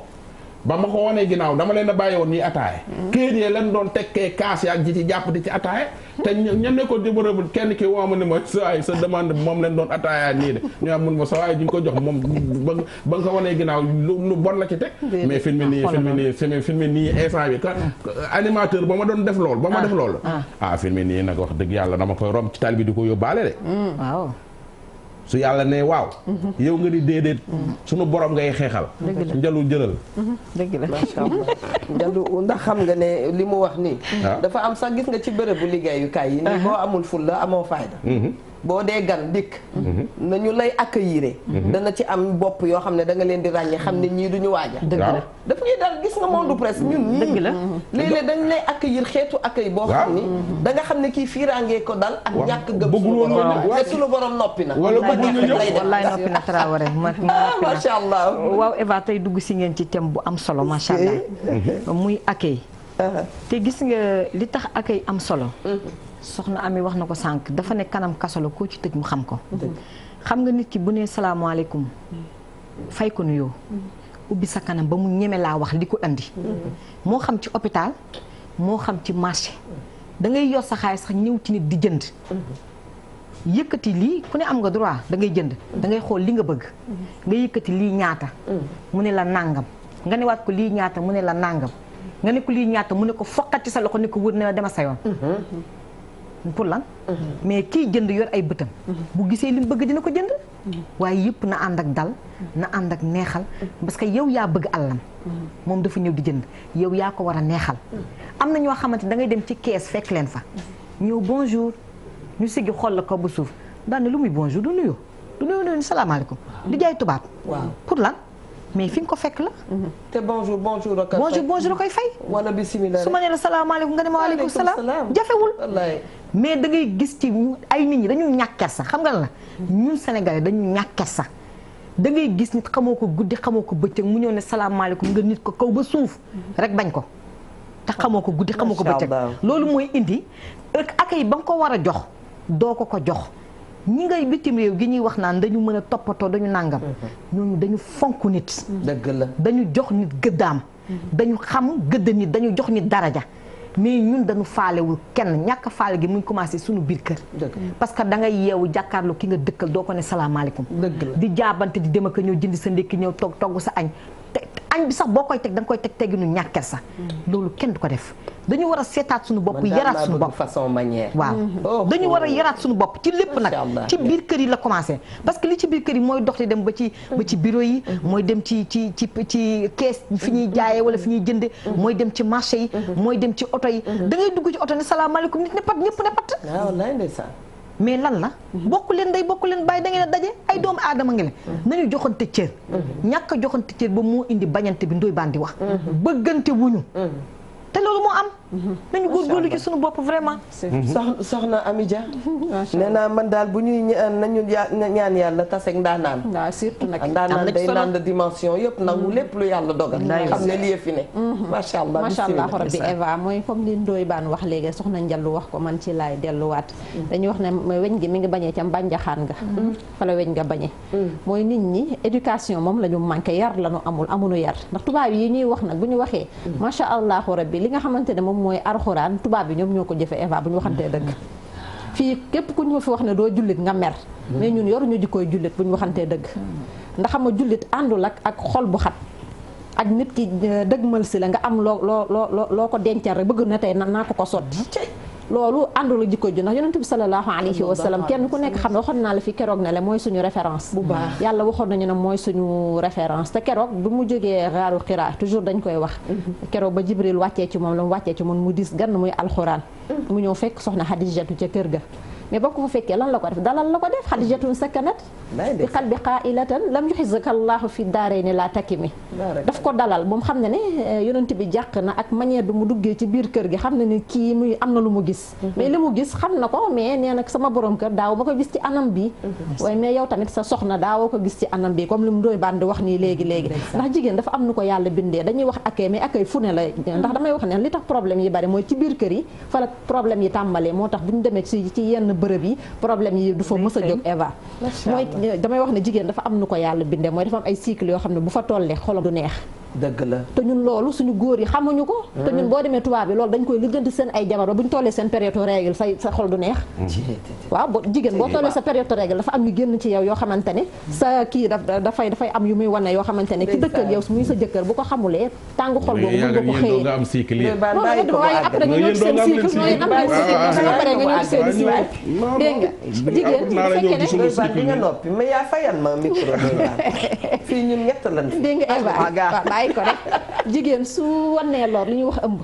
ba ma ko wanee ginnaaw dama leen a bàyyi woon ñuy ataaye mm-hmm. kéen yee leen doon tekkee kaas yaak ji ci jàpp di ci ataaye te ña nekkoon di ma rëbul kenn ki woo ma ni ma sa ay sa demande bi moom leen doon ataaya nii de ñu am mun ma sa waay ji ko jox moom ba ba nga ko wanee ginnaaw lu bon la ci teg mais film nii film nii film nii instant bi ka animateur ba ma doon def lool ba ma ah. def lool ah. ah film nii nag wax dëgg yàlla dama koy romb ci tal bi di ko yóbbaale su yàlla ne waaw. yow nga di déedéet. sunu borom ngay xeexal. dëgg la njalu jëlal. njalu ndax xam nga ne li mu wax nii. Ah. dafa am sax gis nga ci bërëbu liggéeyukaay yi. nii ah. boo amul ful la amoo fayda. Mhm. boo dee gan dikk mhm. nañu lay accueillir mhm. dana ci am bopp yoo xam ne da nga leen di ràññee xam ne mhm. ñii duñu waaja dëgg la daf ñuy dal gis nga monde presse ñun ñii dëgg la léeg-léeg lay accueillir xeetu accueil boo xam ni da nga xam ne kii fiiraangee ko dal ak ñàkk gëm suñu borom te suñu borom noppi na wala bëgguñu ñëw wallaay noppi na Traoré macha allah waaw Eva tey dugg si ngeen ci thème bu am solo macha allah eh. muy accueil uh-huh. te gis nga li tax accueil am solo mm-hmm. soxna Ami wax na ko sànq dafa ne kanam kaso koo ci tëj mu xam ko. xam nga nit ki bu nee salaamaaleykum. fay ko nuyoo. Mm. ubbi sa kanam ba mu ñeme laa wax li ko andi. Mm. moo xam ci hôpital moo xam ci marché. dangay ngay yor sa sax ñëw ci nit di jënd. Mm. yëkkati lii ku ne am nga droit dangay jënd. da ngay xool li nga bëgg. nga yëkkati lii ñaata. mu ne la nàngam nga ne waat ko lii ñaata mu ne la nàngam. nga ne ko lii ñaata mu ne ko foqati sa loxo ne ko wër ne la dema sa yoon. Mm-hmm. pour lan mais kiy jënd yor ay bëtam bu gisee li mu bëgg dina ko jënd waaye yëpp na ànd ak dal na ànd ak neexal parce que yow yaa bëgg àllam moom dafa ñëw di jënd yow yaa ko war a neexal am na ñoo xamante da ngay dem ci kees fekk leen fa ñëw bonjour ñu siggi xool la ko bu suuf daane lu muy bonjour du nuyu du nuyu salaamaaleykum di jaay tubaab pour lan mais fi nga ko fekk la. te bonjour bonjour. bonjour bonjour koy fay. wala bisimilah su ma nee la salaamaaleykum nga ne ma waaleykum salaam jafewul. mais da ngay gis ci ay nit ñi dañu ñàkk sax xam nga la ñun Sénégalais dañu ñàkk sax dangay gis nit xamoo ko guddi xamoo ko bëccëg mu ñëw ne salaamaaleykum nga nit ko kaw ba suuf rek bañ ko. te xamoo ko guddi xamoo ko bëccëg loolu mooy indi ak yi ba nga ko war a jox doo ko ko jox. ñi ngay bitim réew gi ñuy wax naan dañu mën a toppatoo dañu nàngam mm-hmm. ñooñu dañu fonk nit mm-hmm. dëgg la dañu jox nit gëddaam mm-hmm. dañu xam gëdd nit dañu jox nit daraja mais ñun dañu faalewul kenn ñàkk faale gi mu ngi commencé suñu biir kër parce que da ngay yeewu jàkkaarloo ki nga dëkkal doo ko ne salaamaaleykum di jaabante di dem ak ñëw jëndi sa ndékki ñëw togg togg sa añ añ bi sax boo koy teg da koy teg teginu ñàkkel sax mm. loolu kenn du ko def dañu war a seetaat suñu bopp yaraat suñu bopp façon manière waaw oh, dañu oh. war a yaraat suñu bopp ci lépp nag ci biir kër yi la commencé parce que li ci biir kër yi mooy dox di dem ba ci ba ci bureau yi mm-hmm. mooy dem ci ci ci ci kees fi ñuy mm-hmm. jaayee wala fi ñuy jënde mm-hmm. mooy dem ci marché yi mooy dem ci oto yi da dugg ci oto ne salaamaaleykum nit ne pat ñëpp ne ah, mais lan la bokk leen day bokk leen bàyyi dangeen daje ay doomu aadama ngeen nañu joxante cër ñàkk a joxante cër ba moo indi bañante bi ndoy baan di wax mhm. bëggante wuñu mhm. te loolu moo am Mm-hmm. nañu góorgóorlu ci suñu bopp vraiment. Mm-hmm. soxna soxna Amidia. nee naa man daal bu ñuy nañu ñaan yàlla taseeg ndaanaan. waaw surtout nag ndaanaan day naan la dimension yëpp nangu mm-hmm. lépp lu yàlla dogal. xam ne lii fi ne. macha allah macha allah rabbi Eva mooy comme li Ndoye Bane wax léegi wax ko man ci laay delluwaat. dañuy wax ne weñ gi mi ngi bañee ca mbànjaxaan nga. fa la weñ nga bañee. mooy nit ñi éducation moom la ñu manqué yar la ñu amul amuñu yar ndax tubaab yi ñuy wax nag bu ñu waxee. macha allah rabbi li nga xamante ne moom mooy arxuraan tubaab yi ñoom ñoo ko jëfe Eva bu ñu waxantee dëgg fii képp ku ñu fi wax ne doo jullit nga mer mais ñun yoruñu jikkooy jullit bu ñu waxantee dëgg ndax xam nga jullit àndul ak ak xol bu xat ak nit ki euh, dëgmal si la nga am loo loo loo loo ko dencal rek bëgg na tey nan naa ko ko sotti loolu àndul jikko ju ndax yonent bi sallallahu alayhi wa kenn ku nekk xam ne waxoon naa la fi keroog ne la mooy suñu référence bu baax yàlla waxoon nañu ne mooy suñu référence te keroog bi mu jógee gaaru xiraa toujours dañ koy wax mhm. keroog ba jibril wàccee ci moom la mu wàccee ci moom mu dis gann muy alxuraan mhm. mu ñëw fekk soxna xadijatu ca kër ga mais boo ko fa fekkee lan la ko def dalal la ko def xadijatun sakanat bi qalbi qailatan lam yuxizaka allahu fi daarayni laa takimi daf ko dalal moom xam ne ne eh, yonent bi jàq na ak manière bi mu duggee ci biir kër gi xam ne ne kii muy am na lu mu gis mhm. mais li mu gis xam na ko mais nee na sama borom kër daaw ma ko gis ci anam bi waaye mhm. mais yow tamit sa soxna daawoo ko gis ci anam bi comme li mu doy bandi wax nii léegi léegi ndax jigéen dafa am nu ko yàlla bindee dañuy wax akay mais akay fu ne la ndax damay tax problème yi bari mooy ci biir kër yi fa yi tàmbalee moo tax bu ñu demee ci ci yenn bërëb yi problème yi du fa mës a jóg Eva mooy damay wax ne jigéen dafa am nu ko yàlla bindee mooy dafa am ay cycle yoo xam ne bu fa tollee xolam du neex dëgg la te ñun loolu suñu góor yi xamuñu ko. te ñun boo demee tubaab bi loolu dañ koy lijjanti seen ay jabar bu ñu tollee seen période règle sa xol du neex. waaw boo jigéen boo tollee sa période règle dafa am yu génn ci yow yoo xamante ne. sa kii dafay dafay am yu muy wane yoo xamante ne ki dëkk ak yow muy sa jëkkër bu ko xamulee tàngu xol boobu mën nga ko xëyee. nga am cycle yi. waaye après nga ñëw seen cycle mooy am nga pare nga ñëw seen cycle. dégg nga jigéen fekkee ne nga noppi mais yaa fayan ma micro fii ñun ñett lan bàyyi ko rek jigéen su wannee lor lu ñu wax ëmb.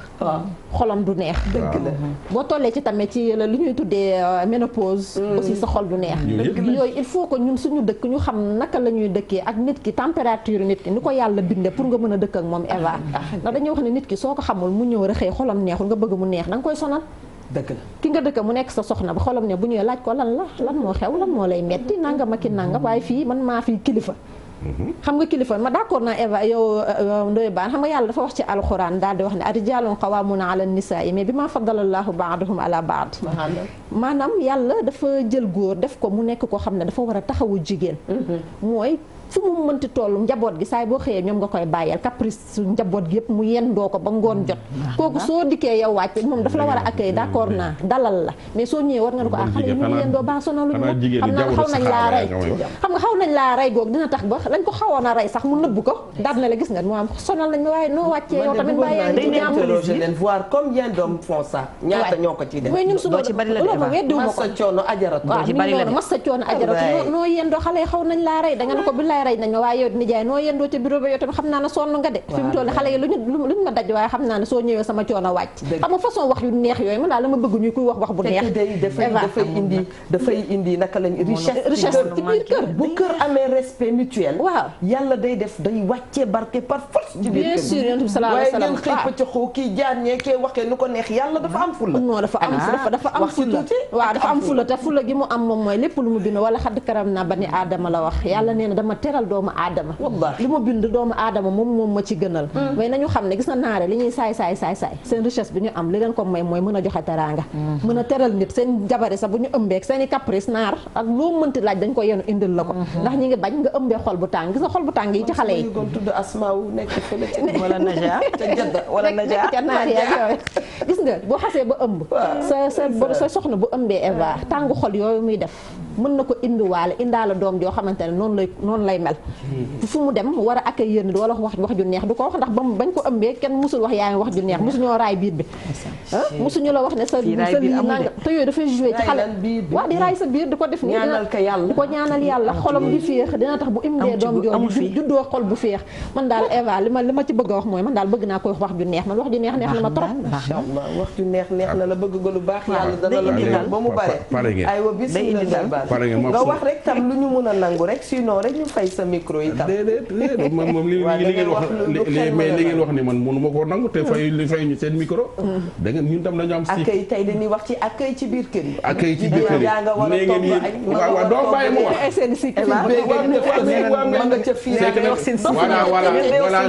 xolam du neex. dëgg boo tollee ci tamit ci lu ñuy tuddee euh, ménopause. Mm. aussi sa xol du neex. yooyu il faut que ñun suñu dëkk ñu xam naka la ñuy dëkkee ak nit ki température nit ki ni ko yàlla bindee pour nga mën a dëkk ak moom Eva. Ah, ah, ndax dañuy wax ne nit ki soo ko xamul mu ñëw rëxee xolam neexul nga bëgg mu neex danga koy sonal. dëgg ki nga dëkk mu nekk sa soxna ba xolam ne bu ñëwee laaj ko lan la lan moo xew lan moo lay metti nangam ak nangam waaye fii man maa fii kilifa xam nga kilifa ma d'accord naa Eva yow euh, Ndoye Bane xam nga yàlla dafa wax ci alxuraan daal di wax ne ar rijaalun qawwaamuuna ala nisaa'i mais bi ma faddala llaahu ba'dahum ala ba'd maanaam yàlla dafa jël góor def ko mu nekk koo xam ne dafa war a taxawu jigéen mhm. mooy fu mu mënti toll njaboot gi saay boo xëyee ñoom nga koy bàyyeel caprice su njaboot gi yëpp mu yendoo ko ba ngoon jot mhm. kooku soo dikkee yow wàcc moom dafa a accueil d'accord naa dalal la mais soo ñëwee war nga ne ah, ba sonaluñu ma xam na xaw nañ laa rey xam nga xaw nañ laa rey goog dina tax ba lañ ko xawoon a rey sax mu nëbb ko daal na la gis nga moo am sonal nañ ma waaye noo wàccee yow tamit bàyyee ñu ci jàmm mais ñun suñu ma weddiwuma ko massa coono ajaratu waaw mi noonu massa noo yendoo xale yi xaw nañ laa rey da ne ko billaay rey nañ ma waaye yow nijaay noo yendoo ca bureau ba yow tamit neex yàlla dafa am fulla non dafa am ah, fulla ci waaw dafa am fula te fula gi mu am moom mooy lépp lu mu bind wala xadd karam na ba ni aadama la wax yàlla nee na dama teral doomu aadama li mu bind doomu aadama moom moom ma ci gënal mm. mais na ñu am li a mm-hmm. a la ko mm-hmm. ndax ñi ngi bañ nga ëmbee xol bu tàng gis nga boo xasee ba ëmb sa sa bu ëmbee Eva tàngu xol yooyu muy def mën na ko indiwaale indaale doom joo xamante ne noonu lay noonu lay mel hmm. fu mu dem war a accueillir nit wala wax wax ju neex du ko wax ndax ba bañ ko ëmbee kenn musul wax yaa ngi wax ju neex hmm. musuñoo raay biir bi ah, musuñu la wax ne sa sa lii nanga te yooyu dafay joué ci xale waaw di raay sa biir di ko def nii di ñaanal yàlla xolam di féex dina tax bu indee doom jooju juddoo xol bu féex man daal Eva li ma li ma ci bëgg wax mooy man daal bëgg naa koy wax ju neex man wax ju neex neex na ma trop macha allah neex na la bëgg nga lu baax yàlla dana la ba mu bare daal nga wax rek tam lu ñu mën a nangu rek sinon rek ñu fay sa micro yi tam. li ngeen wax mais ni man mënu ma koo nangu te fay li fay ñu seen micro. Mm. da ngeen ñun tam dañu am. accueil tey gis nga voilà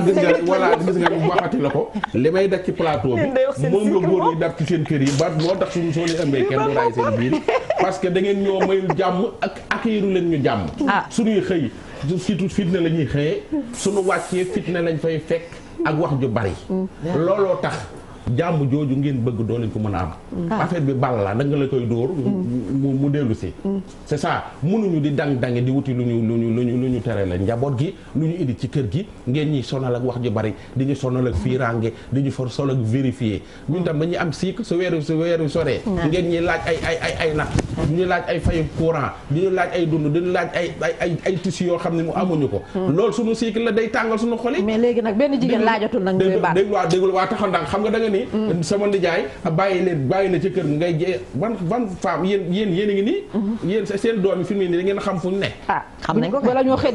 waxati la ko li may daj ci plateau bi moom nga góor ñi dab ci seen kër yi ba moo tax suñu soo leen ëmbee kenn du seen biir parce que da ngeen ñoo jàmm ak accueillir leen ñu jàmm. Ah. suñuy xëy surtout fitna la ñuy xëyee. Mm. suñu wàccee fitna lañ fay fekk ak wax ju bari. Mm. looloo tax. jàmm jooju ngeen bëgg doo leen ko mën a am. Mm. affaire bi bal la da nga la koy dóor. mu mm. dellu si. Mm. c'est mënuñu di dang dange di wuti lu ñu lu ñu lu ñu lu ñu tere la njaboot gi lu ñu indi ci kër gi ngeen ñuy sonal ak wax ju bari di ñu sonal ak fiiraange di ñu for sonal ak vérifier ñun tam dañuy am cycle su weeru su weeru soree. ngeen ñuy laaj ay ay ay di ñu laaj ay fayu courant di ñu laaj ay dund di ñu laaj ay ay xam ne mu amuñu ko. loolu suñu cycle la day tàngal suñu xol yi. mais léegi nag benn jigéen laajatul nag. ni. Mm. sama nijaay bàyyi leen bàyyi na ci kër ngay jee ban ban femme yéen yéen yéen a ngi nii. Mm-hmm. yéen seen doom yi fi mu ne nii da xam fu ne. Ah, xam nañ ko balaa ñoo xëy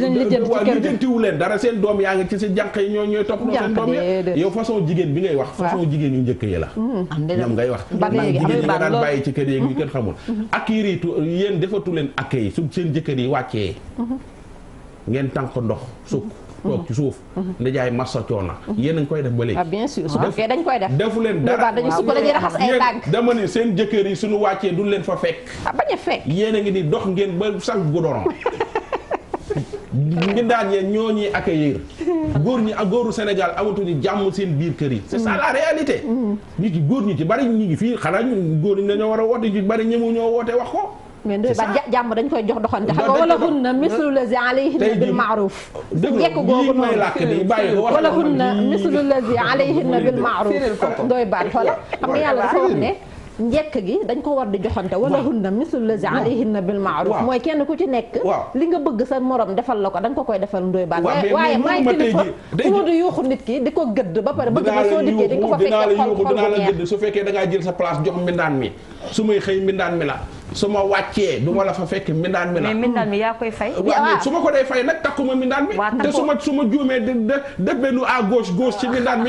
leen dara seen doom yaa ngi ci si jànq yi ñoo ñooy topp. seen doom yi yow façon jigéen bi ngay wax. façon jigéen yu njëkk yi la. Mm-hmm. ñoom ngay wax. ba léegi jigéen ñi nga daan bàyyi ci kër yi ñu mm-hmm. kenn xamul. accueil yéen defatu leen accueil su seen jëkkër yi wàccee ngeen tànk ndox sukk toog ci suuf nga jaay massa coona yéen a koy def ba léegi ah bien dañ koy def defu leen dara dañu sukk dañuy raxas ay tànk dama ne seen jëkkër yi suñu wàccee duñ leen fa fekk ah yéen ngi di dox ngeen ba sax godoron ngi daan yeen ñoo ñuy accueillir góor ñi ak góoru senegal amatuñu jàmm seen biir kër yi c'est ça la réalité mm. nit yi góor ñi ci bari ñu ngi fii xanaa ñun góor ñi dañoo war a woote ñu bari ñëmu ñoo woote wax ko mais Ndoye Bane jàmm dañ koy jox doxante xam nga wala hunna mislu lazi alayhinna bil maaruf yekk googu noonu wala hunna mislu lazi alayhinna bil maaruf Ndoye Bane xoola xam nga yàlla dafa wax ne njëkk gi dañ ko war di joxante wala hunna mislu lazi alayhinna bil maaruf mooy kenn ku ci nekk li nga bëgg sa morom defal la ko da nga ko koy defal Ndoye Bane waaye maay kilifa su ma di yuuxu nit ki di ko gëdd ba pare bëgg na soo dikkee di nga ko fekkee xol xol bu neex dinaa la yuuxu dinaa la gëdd su fekkee da ngaa jël sa place jox mbindaan mi su may xëy mbindaan mi la su ma wàccee du ma la fa fekk mindaan mi la. mais mindaan mi yaa koy fay. waaw ah. su ma ko dee fay nag takkuma mindaan mi. waaw te ma su ma juumee de de dëbbenu à gauche gauche am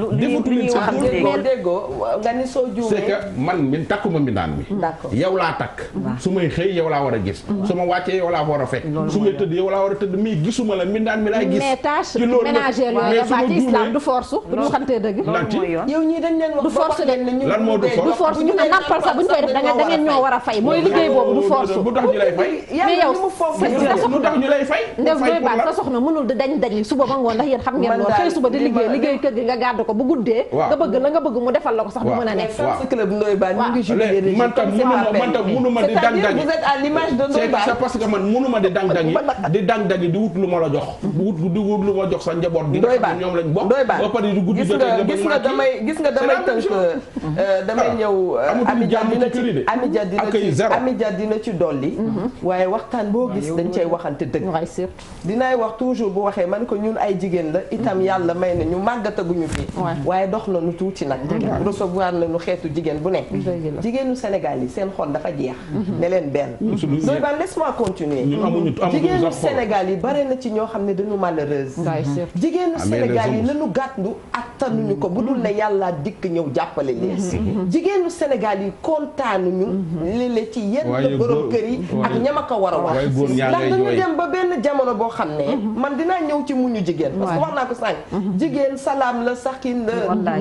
lu lu ñuy wax déggoo déggoo nga ni soo juumee. c'est que man mi mi. d'accord yow laa takk. su may xëy yow laa war a gis. su ma wàccee yow laa war a fekk. su may tëdd war a tëdd mais gisuma la mindaan mi laay gis. mais tâche ménagère yooyu dafa ci islam du force. du force de lan moo du force xool sax koy def da ngeen ñoo war a fay mooy liggéey boobu du force bu tax ñu lay fay mais yow lu tax ñu lay fay ndef doy baal ndax ñu ngi joué man tam man di dang dang vous di dang dang di di wut lu ma la jox di wut lu ma jox sa njaboot gi ñoom lañ bokk pare di guddi gis nga damay gis nga damay tënk euh, damay ah, ñëw euh, amidia dina ci dolli mhm. Mhm. waaye waxtaan boo gis dañ cay waxante dëgg dinaay wax toujours bu waxee man ko ñun ay jigéen la itam mhm. yàlla may na ñu màggataguñu fii waaye dox na nu tuuti nag recevoir na nu xeetu jigéen bu ne jigéenu Sénégal yi seen xol dafa jeex ne leen benn doy baan laisse-moi continuer jigéenu Sénégal yi bare na ci ñoo xam ne dañu malheureuse jigéenu ah, Sénégal yi lanu gàttandu attanuñu ko bu dul ne yàlla dikk ñëw jàppale leen jigéenu Sénégal yi kontaanuñu. Mhm. léeg-léeg ci yenn borom kër yi ak ñama ko war a wax. ndax dañu dem ba benn jamono boo xam ne. Mhm. man dinaa ñëw ci muñu jigéen. parce que wax naa ko sànq. Mhm. jigéen salaam la saxin la.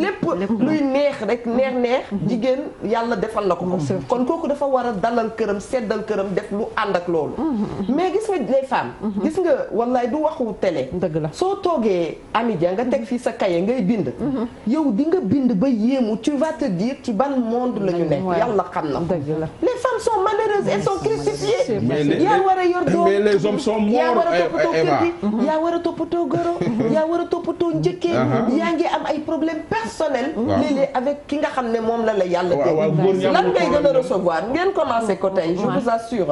lépp luy neex rek neex neex. jigéen yàlla defal na ko ko. kon kooku dafa war a dalal këram seddal këram def lu ànd ak loolu. mais gis nga les femmes. gis nga wallaay du waxu télé. la soo toogee Amidia nga teg fii sa kaye ngay bind. yow di bind ba yéemu tu vas ci ban monde. monde la ñu ne yàlla xam na a yor doom mais a eh, eh, gi mm-hmm. yaa mm-hmm. ay problèmes personnels léeg ki nga xam ne moom la la yàlla teg lan ngay gën a ngeen commencé ko tey je vous assure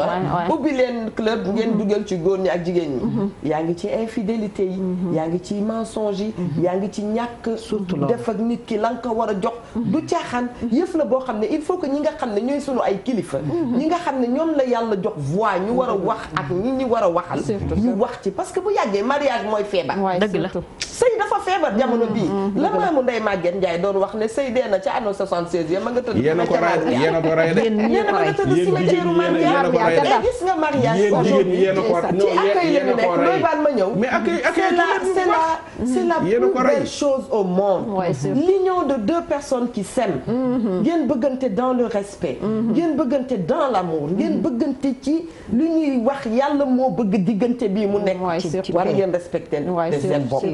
ubbi leen ngeen mm-hmm. dugal ci góor ñi ak jigéen ñi yaa ngi ci infidélité yi yaa ngi ci mensonge yi yaa ngi ci ñàkk surtout def ak ki lan ko war a jox du caaxaan yëf la boo xam ne il faut que ñi nga xam ne ñooy sunu ay kilifa. ñi nga xam ne ñoom la yàlla jox voix ñu war a wax ak ñi ñu war a waxal. ñu wax ci parce que bu yàggee mariage mooy feebar. dëgg la feebar jamono bii mm-hmm. la maamu Ndeye Maguette Ndiaye doon wax ne sëy dee na ca année 76 ya ma nga tëdd yéen a ko rey yéen a ko rey de yéen a ma nga tëdd si météru mariage da gis nga mariage yéen jigéen ñi yéen a ko ci accueil la ñu nekk doy baal ma ñëw mais accueil accueil c'est la c'est la plus belle chose au monde l'union de deux personnes qui s'aiment mm-hmm. ngeen bëggante dans le respect mm-hmm. ngeen bëggante dans l'amour ngeen bëggante ci lu ñuy wax yàlla moo bëgg diggante bii mu nekk ci war ngeen respecté seen bopp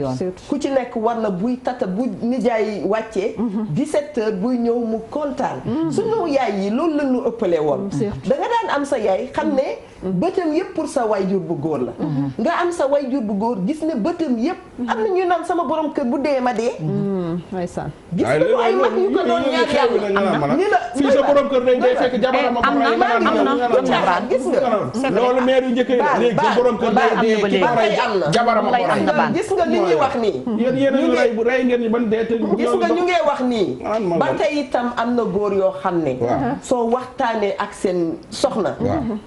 ku ci nekk fekk war na buy tata bu nijaay wàccee. 17h mhm. buy ñëw mu kontaan. Mhm. sunu yaay yi loolu la ñu ëppale woon. Mhm, da nga daan am sa yaay xam ne. bëtam yëpp pour sa waajur bu góor la nga am sa waajur bu góor gis ne bëtam yëpp am na ñu naan sama borom kër bu dee ma dee ndeysaan gis nga ko ay mag yu ko doon ñaan yàlla ni la fii sa borom eh, am na am na gis nga loolu na gis nga li ñuy wax nii yéen yéen ñu bu rey ngeen ñu ban dee te gis nga ñu ngee wax nii ba tey itam am na góor yoo xam ne soo waxtaanee ak seen soxna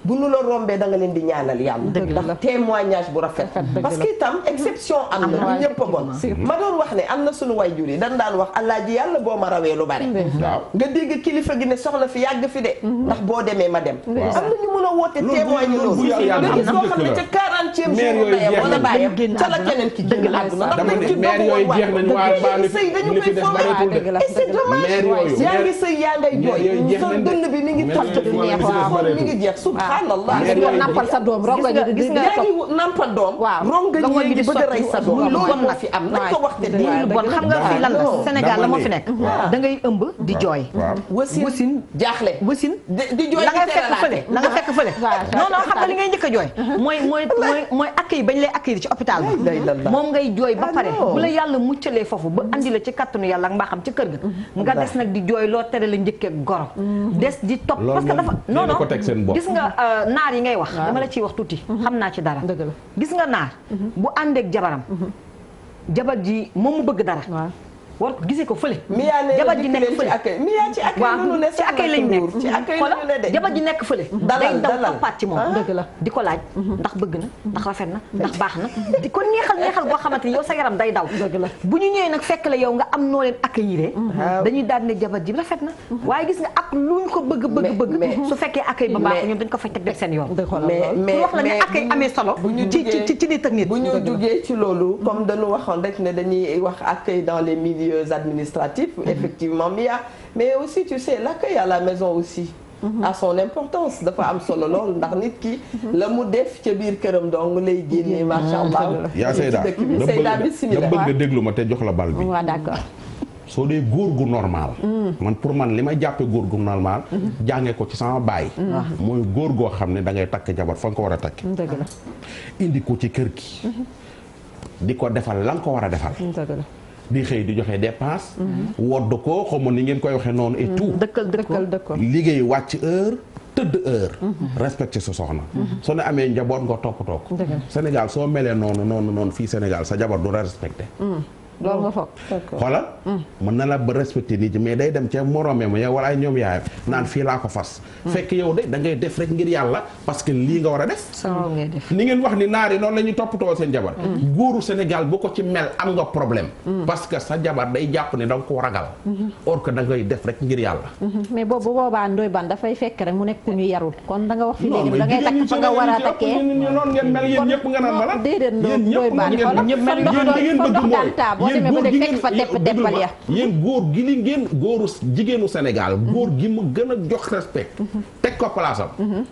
bu nu la romb rombee da leen di ñaanal yàlla ndax témoignage bu rafet parce que itam exception am na ñu ñëpp a bon ma doon wax ne am na suñu way jur yi dañ daan wax alaaji yàlla boo ma rawee lu bare nga dégg kilifa gi ne soxna fi yàgg fi de mhm. ndax boo demee ma dem am na ñu mën a woote témoigné loolu nga gis xam ne ca septième jour ndeyam wala baayam ca la keneen ki génn àdduna ndax dañ ci dogu woon waat dañ ci sëy dañu koy fowee et c'est dommage yaa ngi sëy yaa ngay jooy sa dënn bi mi ngi tort bi xool mi ngi jeex subhanallah nga nampal sa doom ronga ñi di yaa ngi nampal doom ronga ñi di bëgg a rey sa doom loolu na fi am nañ ko waxte di lu bon xam nga fii lan la Sénégal la moo fi nekk da ngay ëmb di jooy wasin jaaxle wasin di jooy la nga fekk fële la nga fekk fële non non xam nga li ngay njëkk a jooy mooy mooy mooy mooy ak accueil bañ lay accueillir ci hôpital ba moom ngay jooy ba ah, pare bu la yàlla muccalee foofu ba andi la ci kattanu yàlla ak xam ci kër ga mm-hmm. nga des nag di jooy loo tere la njëkkee goro mm-hmm. des di topp parce que dafa non non gis nga euh, naar yi ngay wax dama la ciy wax tuuti mm-hmm. xam naa ci dara gis nga naar bu àndeek jabaram jabar ji moom mu bëgg dara war ko gisee ko fële. jabar ji nekk fële miyaa ci accueil waaw lañu nekk ci accueil lañu ji nekk fële. day daw toppaat ci moom ah. la di ko laaj. Mhm. ndax bëgg na mhm. ndax rafet na ndax baax na di ko neexal neexal boo xamante ni yow sa yaram day daw. dëgg la bu ñu ñëwee nag fekk la yow nga am noo leen accueillir. Mhm. dañuy daan ne jabar ji rafet na. waaye gis nga ak lu ñu ko bëgg bëgg bëgg. su fekkee accueil ba baax ñoom dañ ko fay teg dem seen yoon. mais wax la ne accueil amee solo. ci ci ci nit ak nit bu ñu jugee ci wax accueil dans les milieux administratifs, mhm. effectivement mi yaa mais aussi tu la l'accueil à la maison aussi à mhm. son importance dafa am solo lool ndax nit ki mhm. la mu def ca biir këram dong lay génnee macha ah, allah yaa Seyda Seyda bismillah dama bëgg déglu ma te jox la bal bi waaw d'accord soo dee góor gu normal mm. man pour man li ma jàppe góor gu normal mm-hmm. jànge ko ci sama baay mm. ah. mooy góor goo xam ne da ngay takk jabar fa nga ko war a takk indi ko ci kër gi mm-hmm. di ko defal la nga ko war a defal di xëy di joxe dépense. wodd ko xaw ma ni ngeen koy waxee noonu. et mm-hmm. tout dëkkal dëkkal dëkkal. liggéey wàcc heure. tëdd heure mm-hmm. respecté sa soxna mm-hmm. soo ne amee njaboot nga topp toog Sénégal soo melee noonu noonu noonu fii Sénégal sa jabar du la respecté mm. loolu nga oh. foog xoolal hmm. mën na la ba respecté nit ñi mais day dem ca moromee ma yow wala ay ñoom yaayam hmm. naan fii laa ko fas hmm. fekk yow de da ngay def rek ngir yàlla parce que lii nga war a def ni ngeen wax ni naar yi noonu la ñuy toppatoo seen jabar góoru Sénégal bu ko ci mel am mais boobu boobaa ndoy ban dafay fekk rek mu nekk ku ñu yarul kon da wax fi léegi da ngay a ngeen mel yéen ñëpp nga naan ma la déedéet ndoy ban fa ndox daan taabo boo demee ba de fekk fa tepp teppal ya yéen góor gi li ngeen góoru jigéenu Sénégal mhm. góor gi mu gën a jox respect mhm. teg ko palaasam mhm.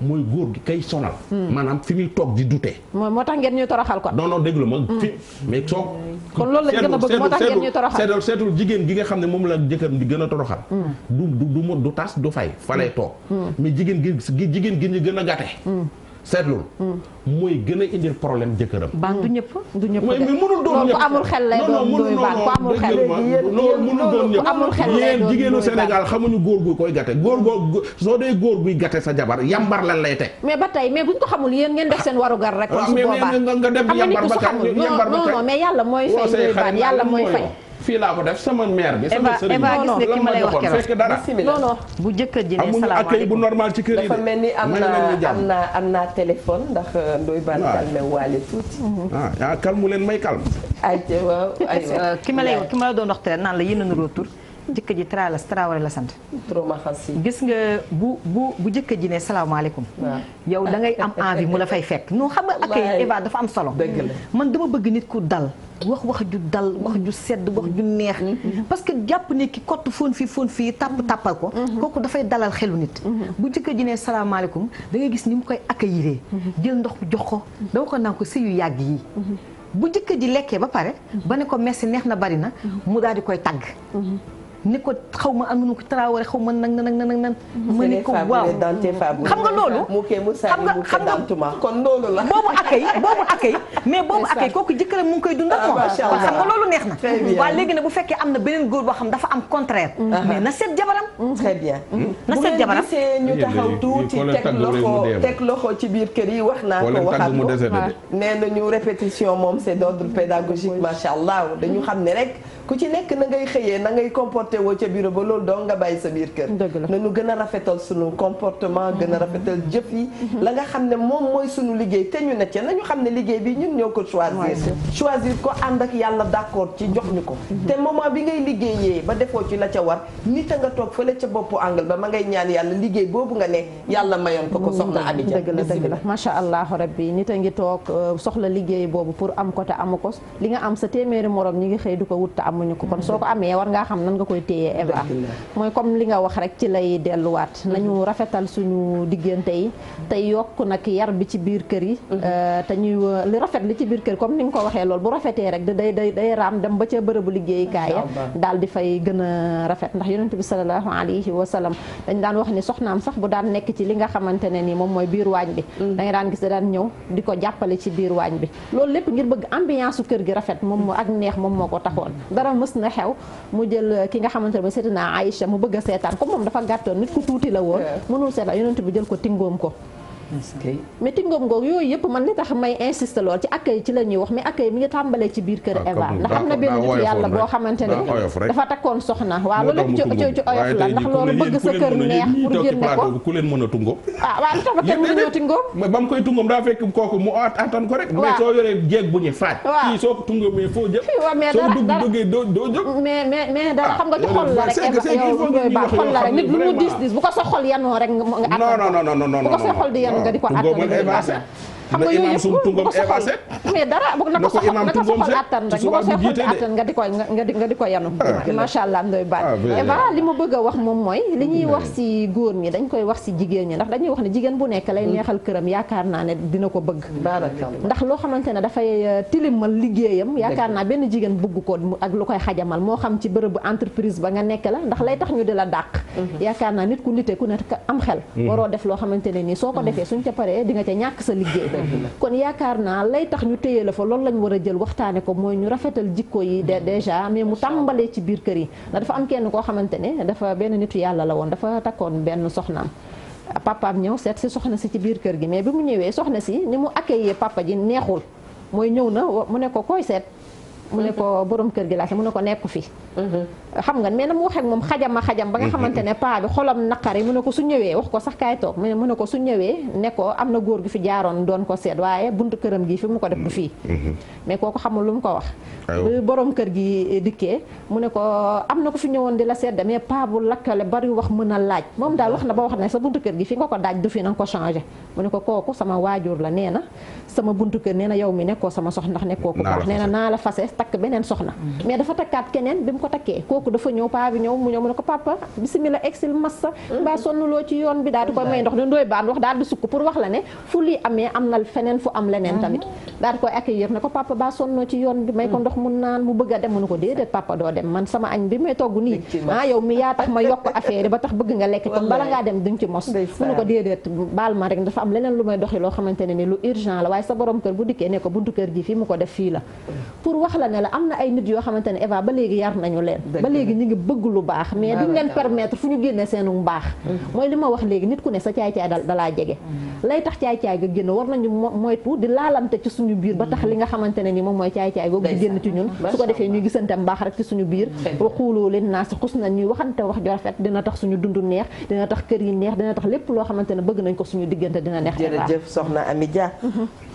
mooy góor gi kay sonal maanaam fi muy toog di dute mooy moo tax ngeen ñuy toroxal kon non non ma fi mais soo kon loolu lañ gën a bëgg moo tax ngeen seetul jigéen gi nga xam ne moom la jëkkëram di gën a toroxal du du du tas du fay falay toog mais jigéen gi jigéen gi ñu gën a gàtte seetlu mooy gën a indil problème jëkkëram. baax du ñëpp du ñëpp de. mënul doon ñëpp ku amul xel lay doon doy baax ku amul xel. loolu mënul doon ñëpp yéen jigéenu Sénégal xamuñu góor gu koy gàtte góor goo soo sa jabar yambar lan lay teg. mais ba tey mais buñ ko xamul yéen ngeen def seen warugar rek. kon ah, su boobaa nga dem yambar ba kan yambar ba kan non mais yàlla mooy fay. yàlla mooy fay fii laa ko def sama mère bi. sama sëriñ bi lan bu jëkkër ji ne salaamaaleykum bu normal ci kër yi dafa mel ni am naa am naa am naa téléphone ndax euh, Ndoye Bane calme waale tuuti. Ah, ah calme leen may calme. ayca euh, ki ma lay ki ma la doon wax te naan la yéen a nuroo jëkkër ji Tra la Traoré la sant. gis nga bu bu bu jëkkër ji ne salaamaaleykum. yow da ngay am envie mu la fay fekk. noo xam nga accueil Eva dafa am solo. man dama bëgg nit ku dal. wax wax ju dal wax ju sedd wax ju neex. Mm-hmm. parce que jàpp ne ki kott fóon fii fóon fii tàpp tàppal ko. Mm-hmm. kooku dafay dalal xelu nit. Mm-hmm. bu jëkkër ji ne salaamaaleykum da ngay gis ni mu koy accueillir. jël ndox jox ko. dama ko naan ko sëy yu yàgg yi. bu jëkkër ji lekkee ba pare. ba ne ko merci neex na bari na. mu daal di koy tàgg. ni ko xaw ma Aminou Traoré xaw ma nag na nag na nag. ma ni ko waaw mm-hmm. xam nga loolu. xam nga xam nga kon loolu la. boobu akay boobu akay mais boobu akay kooku jëkkëram mu ngi koy dundal ah, moom. waaw xam nga loolu neex na. waa léegi ne bu fekkee am na beneen góor boo xam dafa am contraire. Mm-hmm. mais na seet jabaram. Mm-hmm. très bien. na seet jabaram bu ngeen gisee ñu taxaw tuuti teg loxo teg loxo ci biir kër yi wax naa ko waxaat ko nee nañu répétition moom c'est d'ordre pédagogique macha allah dañu xam ne rek. ku ci nekk na ngay xëyee na ngay comporté woo ca bureau ba loolu doo nga bàyyi sa biir kër nañu gën a rafetal sunu comportement gën a rafetal jëf yi mhm. la nga xam ne moom mooy sunu liggéey te ñu ne ca nañu xam ne liggéey bi ñun ñoo ko choisir choisir ko ànd ak yàlla d'accord ci jox ñu ko mhm. te moment bi ngay liggéeyee ba defoo ci la ca war nit a nga toog fële ca boppu angle ba ma ngay ñaan yàlla liggéey boobu nga ne yàlla mayoon ko ko mm, soxna Abidja dëgg la dëgg la macha allah a ngi toog euh, soxla liggéey boobu pour am ko ko li nga am sa amuñu ko kon soo ko amee war ngaa xam nan nga koy téyee Eva mooy comme li nga wax rek ci lay delluwaat nañu rafetal suñu diggante yi tey yokk nag yar bi ci biir kër yi euh, te ñuy li rafet li ci biir kër comme ni nga ko waxee loolu bu rafetee rek day day day raam dem ba ca bërëbu liggéeyukaay ya daal di fay gën a rafet ndax yonent bi sallallahu alayhi wa sallam dañ daan wax ni soxnaam sax bu daan nekk ci li nga xamante ne nii moom mooy biir waañ bi mm. da nga daan gis daan ñëw di ko jàppale ci biir waañ bi loolu lépp ngir bëgg ambiance su kër gi rafet moom ak neex moom moo ko taxoon dara mës na xew mu jël ki nga xamante ne ba seeti naa Aïcha mu bëgg a seetaan comme moom dafa gàttoon nit ku tuuti la woon mënul seetaan yonent bi jël ko tingoom ko métti ngoom ngoog yooyu yëpp man li tax may insiste lool ci accueil ci la ñuy wax mais accueil mi ngi tàmbalee ci biir kër ah, Eva ndax am na benn nit yàlla boo xamante ne dafa takkoon soxna waaw loolu ci ci oyof la ndax loolu bëgg sa kër neex pour jënd ko ku leen mën a tungoom ah waaw li tax ba kenn mën a tungoom ba mu koy tungoom daa fekk kooku mu attan ko rek mais soo yoree jeeg bu ñu faaj kii soo ko tungoomee foo jëm soo dugg duggee doo doo jóg mais mais mais dara ah, xam nga ci xol la rek yow xol la rek nit lu mu diis diis bu ko sa xol yanoo rek nga attan non non non non non non nga di ko attan xam nga yooyu yëpp bu ko soxal mais dara na ko soxal na ko attan rek bu ko soxal attan nga di nga di ko yanu ah, macha allah ndoy baat ah, Eva li ma bëgg a wax moom mooy li ñuy wax hmm. si góor ñi dañ koy wax si jigéen ñi ndax dañuy wax ne jigéen bu nekk lay hmm. neexal këram yaakaar naa ne dina ko bëgg ndax loo xamante ne dafay euh, tilimal liggéeyam yaakaar naa benn jigéen bëgg ko ak lu koy xajamal moo xam ci bërëbu entreprise ba nga nekk la ndax lay tax ñu di la dàq hmm. yaakaar naa nit ku nite ku nekk am xel waroo def loo xamante ne nii soo ko defee suñ ca paree di nga ñàkk sa liggéey kon yaakaar naa lay tax ñu téye la fa loolu lañ war a jël waxtaane ko mooy ñu rafetal jikko yi de déjà mais mu tàmbalee ci biir kër yi ndax dafa am kenn koo xamante ne dafa benn nitu yàlla la woon dafa takkoon benn soxnaam papaam ñëw seet si soxna si ci biir kër gi mais bi mu ñëwee soxna si ni mu accueillir papa ji neexul mooy ñëw na mu ne ko koy seet mu ne ko borom kër gi laajte mu ne ko nekk fii xam nga mais na mu waxee ak moom xajama xajam ba nga xamante ne paa bi xolam naqari mu ne ko su ñëwee wax ko sax kaay toog mu ne ko su ñëwee ne am na góor gi fi jaaroon doon ko seet waaye buntu këram gi fi mu ko def du fii. mais kooku xamul lu mu ko wax. borom kër gi dikkee mu ne ko am na ko fi ñëwoon di la seet mais paa bu lakkale bari wax mën a laaj moom daal wax na ba wax ne sa buntu kër gi fi nga ko daaj du fi ko changé mu ne ko kooku sama waajur la nee na sama buntu kër nee na yow mi nekkoo sama sox ndax nekkoo ko nee na naa la fase takk beneen soxna mais dafa takkaat keneen bi mu ko takkee kooku dafa ñëw paa bi ñëw mu ñëw mu ne ko papa bisimila exil massa mbaa sonnuloo yoon bi daal di koy may ndox ne ndooy baan pour wax la ne fu lii na ko papa baa sonnoo ci yoon bi may ko ndox mu naan mu bëgg a dem mu ne ko déedéet papa doo dem man sama añ bi may togg nii ah yow mi yaa tax ma yokk affaire ba tax bëgg nga lekk tam bala ngaa dem duñ ci mos mu ne ko déedéet baal ma rek dafa am leneen lu may doxi loo xamante ne ni lu urgent la waaye sa borom kër bu dikkee ne ko buntu kër gi fii mu ko def fii la ne la am na ay nit yoo xamante ne Eva ba léegi yar nañu leen ba léegi ñu ngi bëgg lu ku ne sa caay-caay da dalaa jege mm-hmm. lay tax caay-caay ga génn war nañu moytu di laalante ci suñu biir ba tax mm-hmm. li nga xamante ne ni moom mooy caay-caay googu di génn ci ñun su ko defee ñuy gisante mbaax rek ci suñu biir waxuuloo leen naa si xus na ñuy waxante wax ju dina tax suñu dund neex dina tax kër yi neex dina tax lépp loo xamante ne bëgg nañ ko suñu diggante dina neex jërëjëf soxna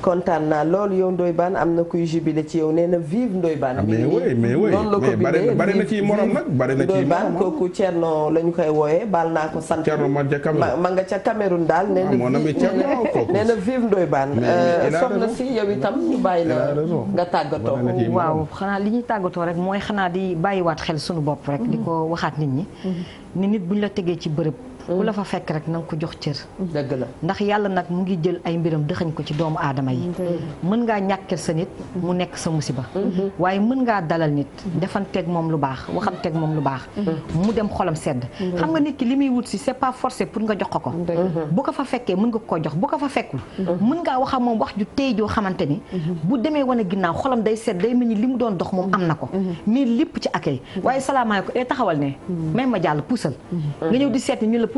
kontaan naa loolu yow Ndoye baan am na kuy jubilé ci yow nee na vive Ndoye Bane. Ah, mais oui mais oui mais bari na ci morom nag bari na ah. kooku Thierno la koy wooyee baal naa ko sant. ma ca Cameroun ma nga ca Cameroun daal. nee na ah, vive Ndoye Bane. Euh, soxna si yow itam bàyyi la nga tàggatoo. waaw xanaa li ñuy tàggatoo rek mooy xanaa di bàyyiwaat xel sunu bopp rek. di mhm. ko waxaat nit ñi. Mhm. ni nit buñ la tegee ci bërëb. ku la mm. fa fekk rek na nga ko jox cër. dëgg la ndax yàlla nag mu ngi jël ay mbiram dëxañ ko ci doomu aadama yi. Mm-hmm. mën ngaa ñàkkal sa nit mu nekk sa musiba. Mm-hmm. waaye mën ngaa dalal nit defanteeg moom lu baax waxanteeg moom lu baax. Mm-hmm. mu dem xolam sedd. xam nga nit ki li muy wut si c'est pas forcé pour nga jox ko ko. bu ko fa fekkee mën nga koo jox bu ko fa fekkul. mën ngaa wax ak moom wax ju tey joo xamante ni. bu demee wane ginnaaw xolam day sedd day mel ni li mu doon dox moom am na ko. lépp ci akay waaye salaamaaleykum eh, taxawal ne. même ma jàll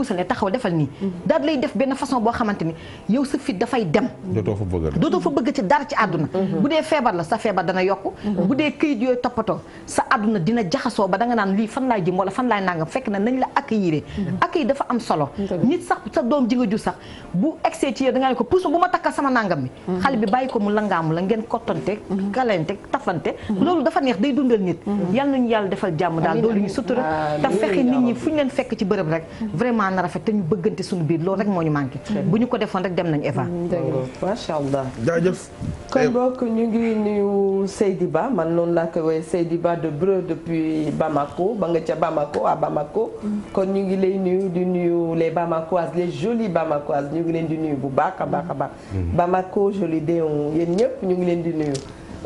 puusal ne taxaw defal nii mm-hmm. daal lay def benn façon boo xamante ni yow sa fit dafay dem dootoo fa bëgg ci dara ci àdduna mm-hmm. bu dee feebar la sa feebar dana yokk mm-hmm. bu dee këyit yooyu toppatoo sa àdduna dina jaxasoo ba da nga naan lii fan laay jëm wala fan laay nangam fekk na nañ la accueillir accueil dafa am solo nit sax sa doom ji nga jur sax bu egsee ci yow da nga ne ko puus bu ma takkal sama nangam bi xale bi bàyyi ko mu langaamu la ngeen kottante kalante tafante loolu dafa neex day dundal nit yal nañu yàlla defal jàmm daal doolu ñu sutura te fexe nit ñi fu ñu na rafet te ñu bëggante suñu biir loolu rek moo ñu manqué. Mm-hmm. bu ñu ko defoon rek dem nañ Eva. Mm-hmm. Mm-hmm. macha allah jaajëf. kon eh. bokk ñu ngi nuyu Seydi Ba man noonu laa koy woowee Seydi Ba de Breu depuis Bamako ba nga ca Bamako à Bamako. kon ñu ngi lay nuyu di nuyu les Bamakoises les jolies Bamakoises ñu ngi leen di nuyu bu baax a baax a baax. Bamako joli déon yéen ñëpp ñu ngi leen di nuyu.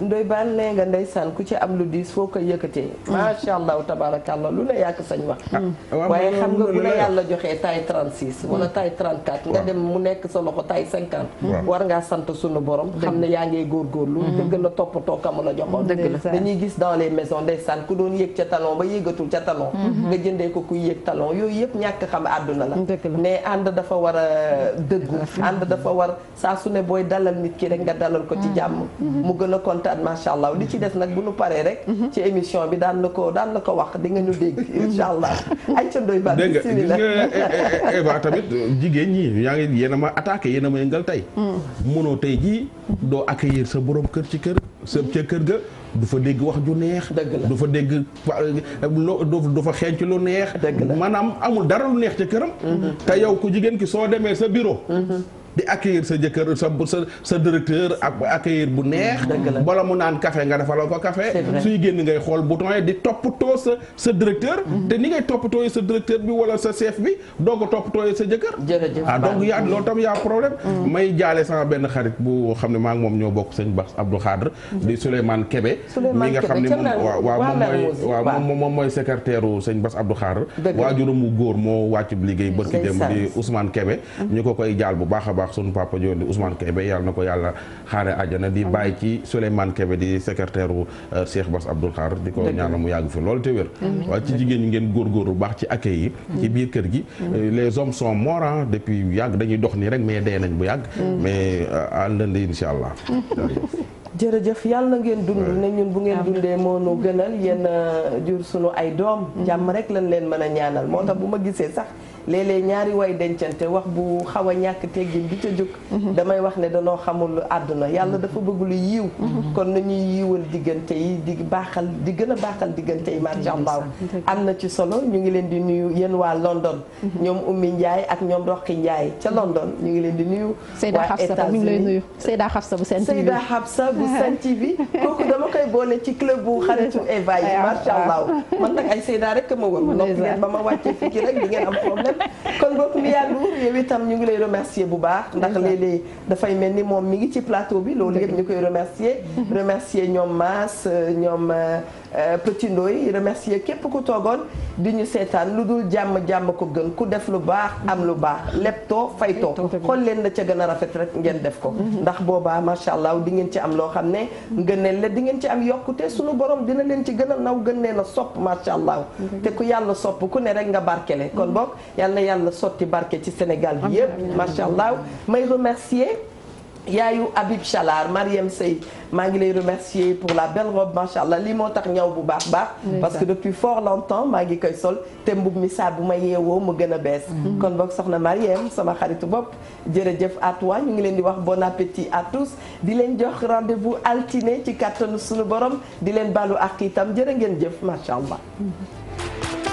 ndoy baan nee nga ndeysaan ku ci am lu diis foo ko yëkkatee macha allahu tabarakallah lu la yàq sañ wax ah, waaye xam nga bu la yàlla joxee taille 36 mm. wala taille 34 nga dem mu nekk sa loxo taille 50 mm. war ngaa sant sunu borom xam ne yaa góor ngee góorgóorlu te gën a toppatoo kamu la joxoon dañuy gis dans les maisons ndeysaan ku doon yëg ca talon ba yëgatul ca talon mm-hmm. nga jëndee ko kuy yëg talon yooyu yëpp ñàkk xam àdduna la mais ànd dafa war a dëggu ànd dafa war saa su ne booy dalal nit ki rek nga dalal ko ci mm-hmm. jàmm mm-hmm. mu kontaan macha allah li ci des nag bu nu paree rek. ci émission bi daan la ko daan la ko wax di nga ñu dégg incha allah. ay ca doy ba dégg nga eh, eh, eh, Eva tamit jigéen ñi yaa ngi yéen ma attaqué yéen a ma yëngal tey. Hmm. mënoo tey jii doo accueillir sa borom kër ci kër sa ca kër ga. du fa dégg wax ju neex. du fa dégg du fa xeeñ ci lu neex. maanaam amul dara lu neex ca këram. Hmm. te yow ku jigéen ki soo demee sa biro di accueillir sa jëkkër sa sa sa directeur ak accueillir bu neex bala mu naan kafe nga defaloo ko kafe suy génn ngay xool bu yi di toppatoo sa sa directeur mm-hmm. te ni ngay toppatoo sa directeur bi wala sa seef bi doo ko toppatoo sa jëkkër ah donc yaa mm-hmm. loolu tam yaa problème mm-hmm. may jaale sama benn xarit bu xam ne maa ngi moom ñoo bokk sëñ Bass Abdou Khadre di Souleymane Kébé mi nga xam ne moom waaw moom mooy waaw moom moom mooy secrétaire u sëñ Bass Abdou Khadre waajuram wu góor moo wàccu liggéey bërki dem di Ousmane Kébé ñu ko koy jaal bu baax a baax sunu ko yàlla xaare àjjana di bàyyi ci Souleymane Kébé di secrétaire u euh, Cheikh Bass Abdoul Khadr di ko ñaanal mu yàgg fi loolu te wér waaye ci jigéen ñi ngeen góorgóorlu baax ci accueil yi mm-hmm. ci biir kër gi mm-hmm. euh, les hommes sont morts depuis yàgg dañuy dox nii rek mais dee nañ bu yàgg mm-hmm. mais euh, allah jërëjëf yàlla ngeen dund ne bu ngeen dundee moo nu gënal yéen jur sunu ay doom jàmm rek leen mën a ñaanal moo tax bu ma gisee sax léeg-léeg ñaari way dencante wax bu xaw a ñàkk teggin bi ca jóg mhm. damay wax ne danoo xamul àdduna yàlla mhm. dafa bëgg lu yiiw mhm. kon nañuy yiiwal diggante yi di baaxal di gën a baaxal diggante yi macha allah am na ci solo ñu ngi leen di nuyu yéen waa London ñoom Oumy Ndiaye ak ñoom Roqi Ndiaye ca London ñu ngi leen di nuyu Seyda Hafsa mi ngi lay nuyu Seyda Hafsa bu Sen TV Seyda Hafsa bu Sen TV boole ci club bu xaritu Eva yi ah, macha ah. allah man nag ay Seyda rek ma wër nopp ngeen ba ma wàccee fii rek di ngeen am problème kon mbokk mi yàggu yow itam ñu ngi lay remercier bu baax ndax léeg-léeg dafay mel ni moom mi ngi ci plateau bi loolu yëpp ñu koy remercier remercier ñoom Mass ñoom euh, Euh, petit Ndoye remercier képp ku toogoon di ñu seetaan lu dul jàmm jàmm ko gën ku def lu baax am lu baax leptoo faytoo xool leen la ca gën a rafet rek ngeen def ko mhm. ndax boobaa macha allah di ngeen ci am loo xam ne ngëneel la di ngeen ci am yokkute suñu borom dina leen ci gën a naw gën leen a sopp macha allah mhm. te ku yàlla sopp ku ne rek nga barkele kon mhm. boog yàlla yàlla sotti barke ci Sénégal bi yëpp macha allah may remercier yaayu Habib Chalar Mariam Sey maa ngi lay remercier pour la belle robe macha allah lii moo tax ñaw bu baax baax. parce que depuis fort longtemps maa ngi koy sol te mbub mi saa bu ma yeewoo mu gën a bees. Mm-hmm. kon boog soxna Mariam sama xaritu bopp jërëjëf à toi ñu ngi leen di wax bon appétit à tous di leen jox rendez-vous altiné ci kattanu suñu borom di leen baalu ak itam jëre ngeen jëf macha allah. Mm-hmm.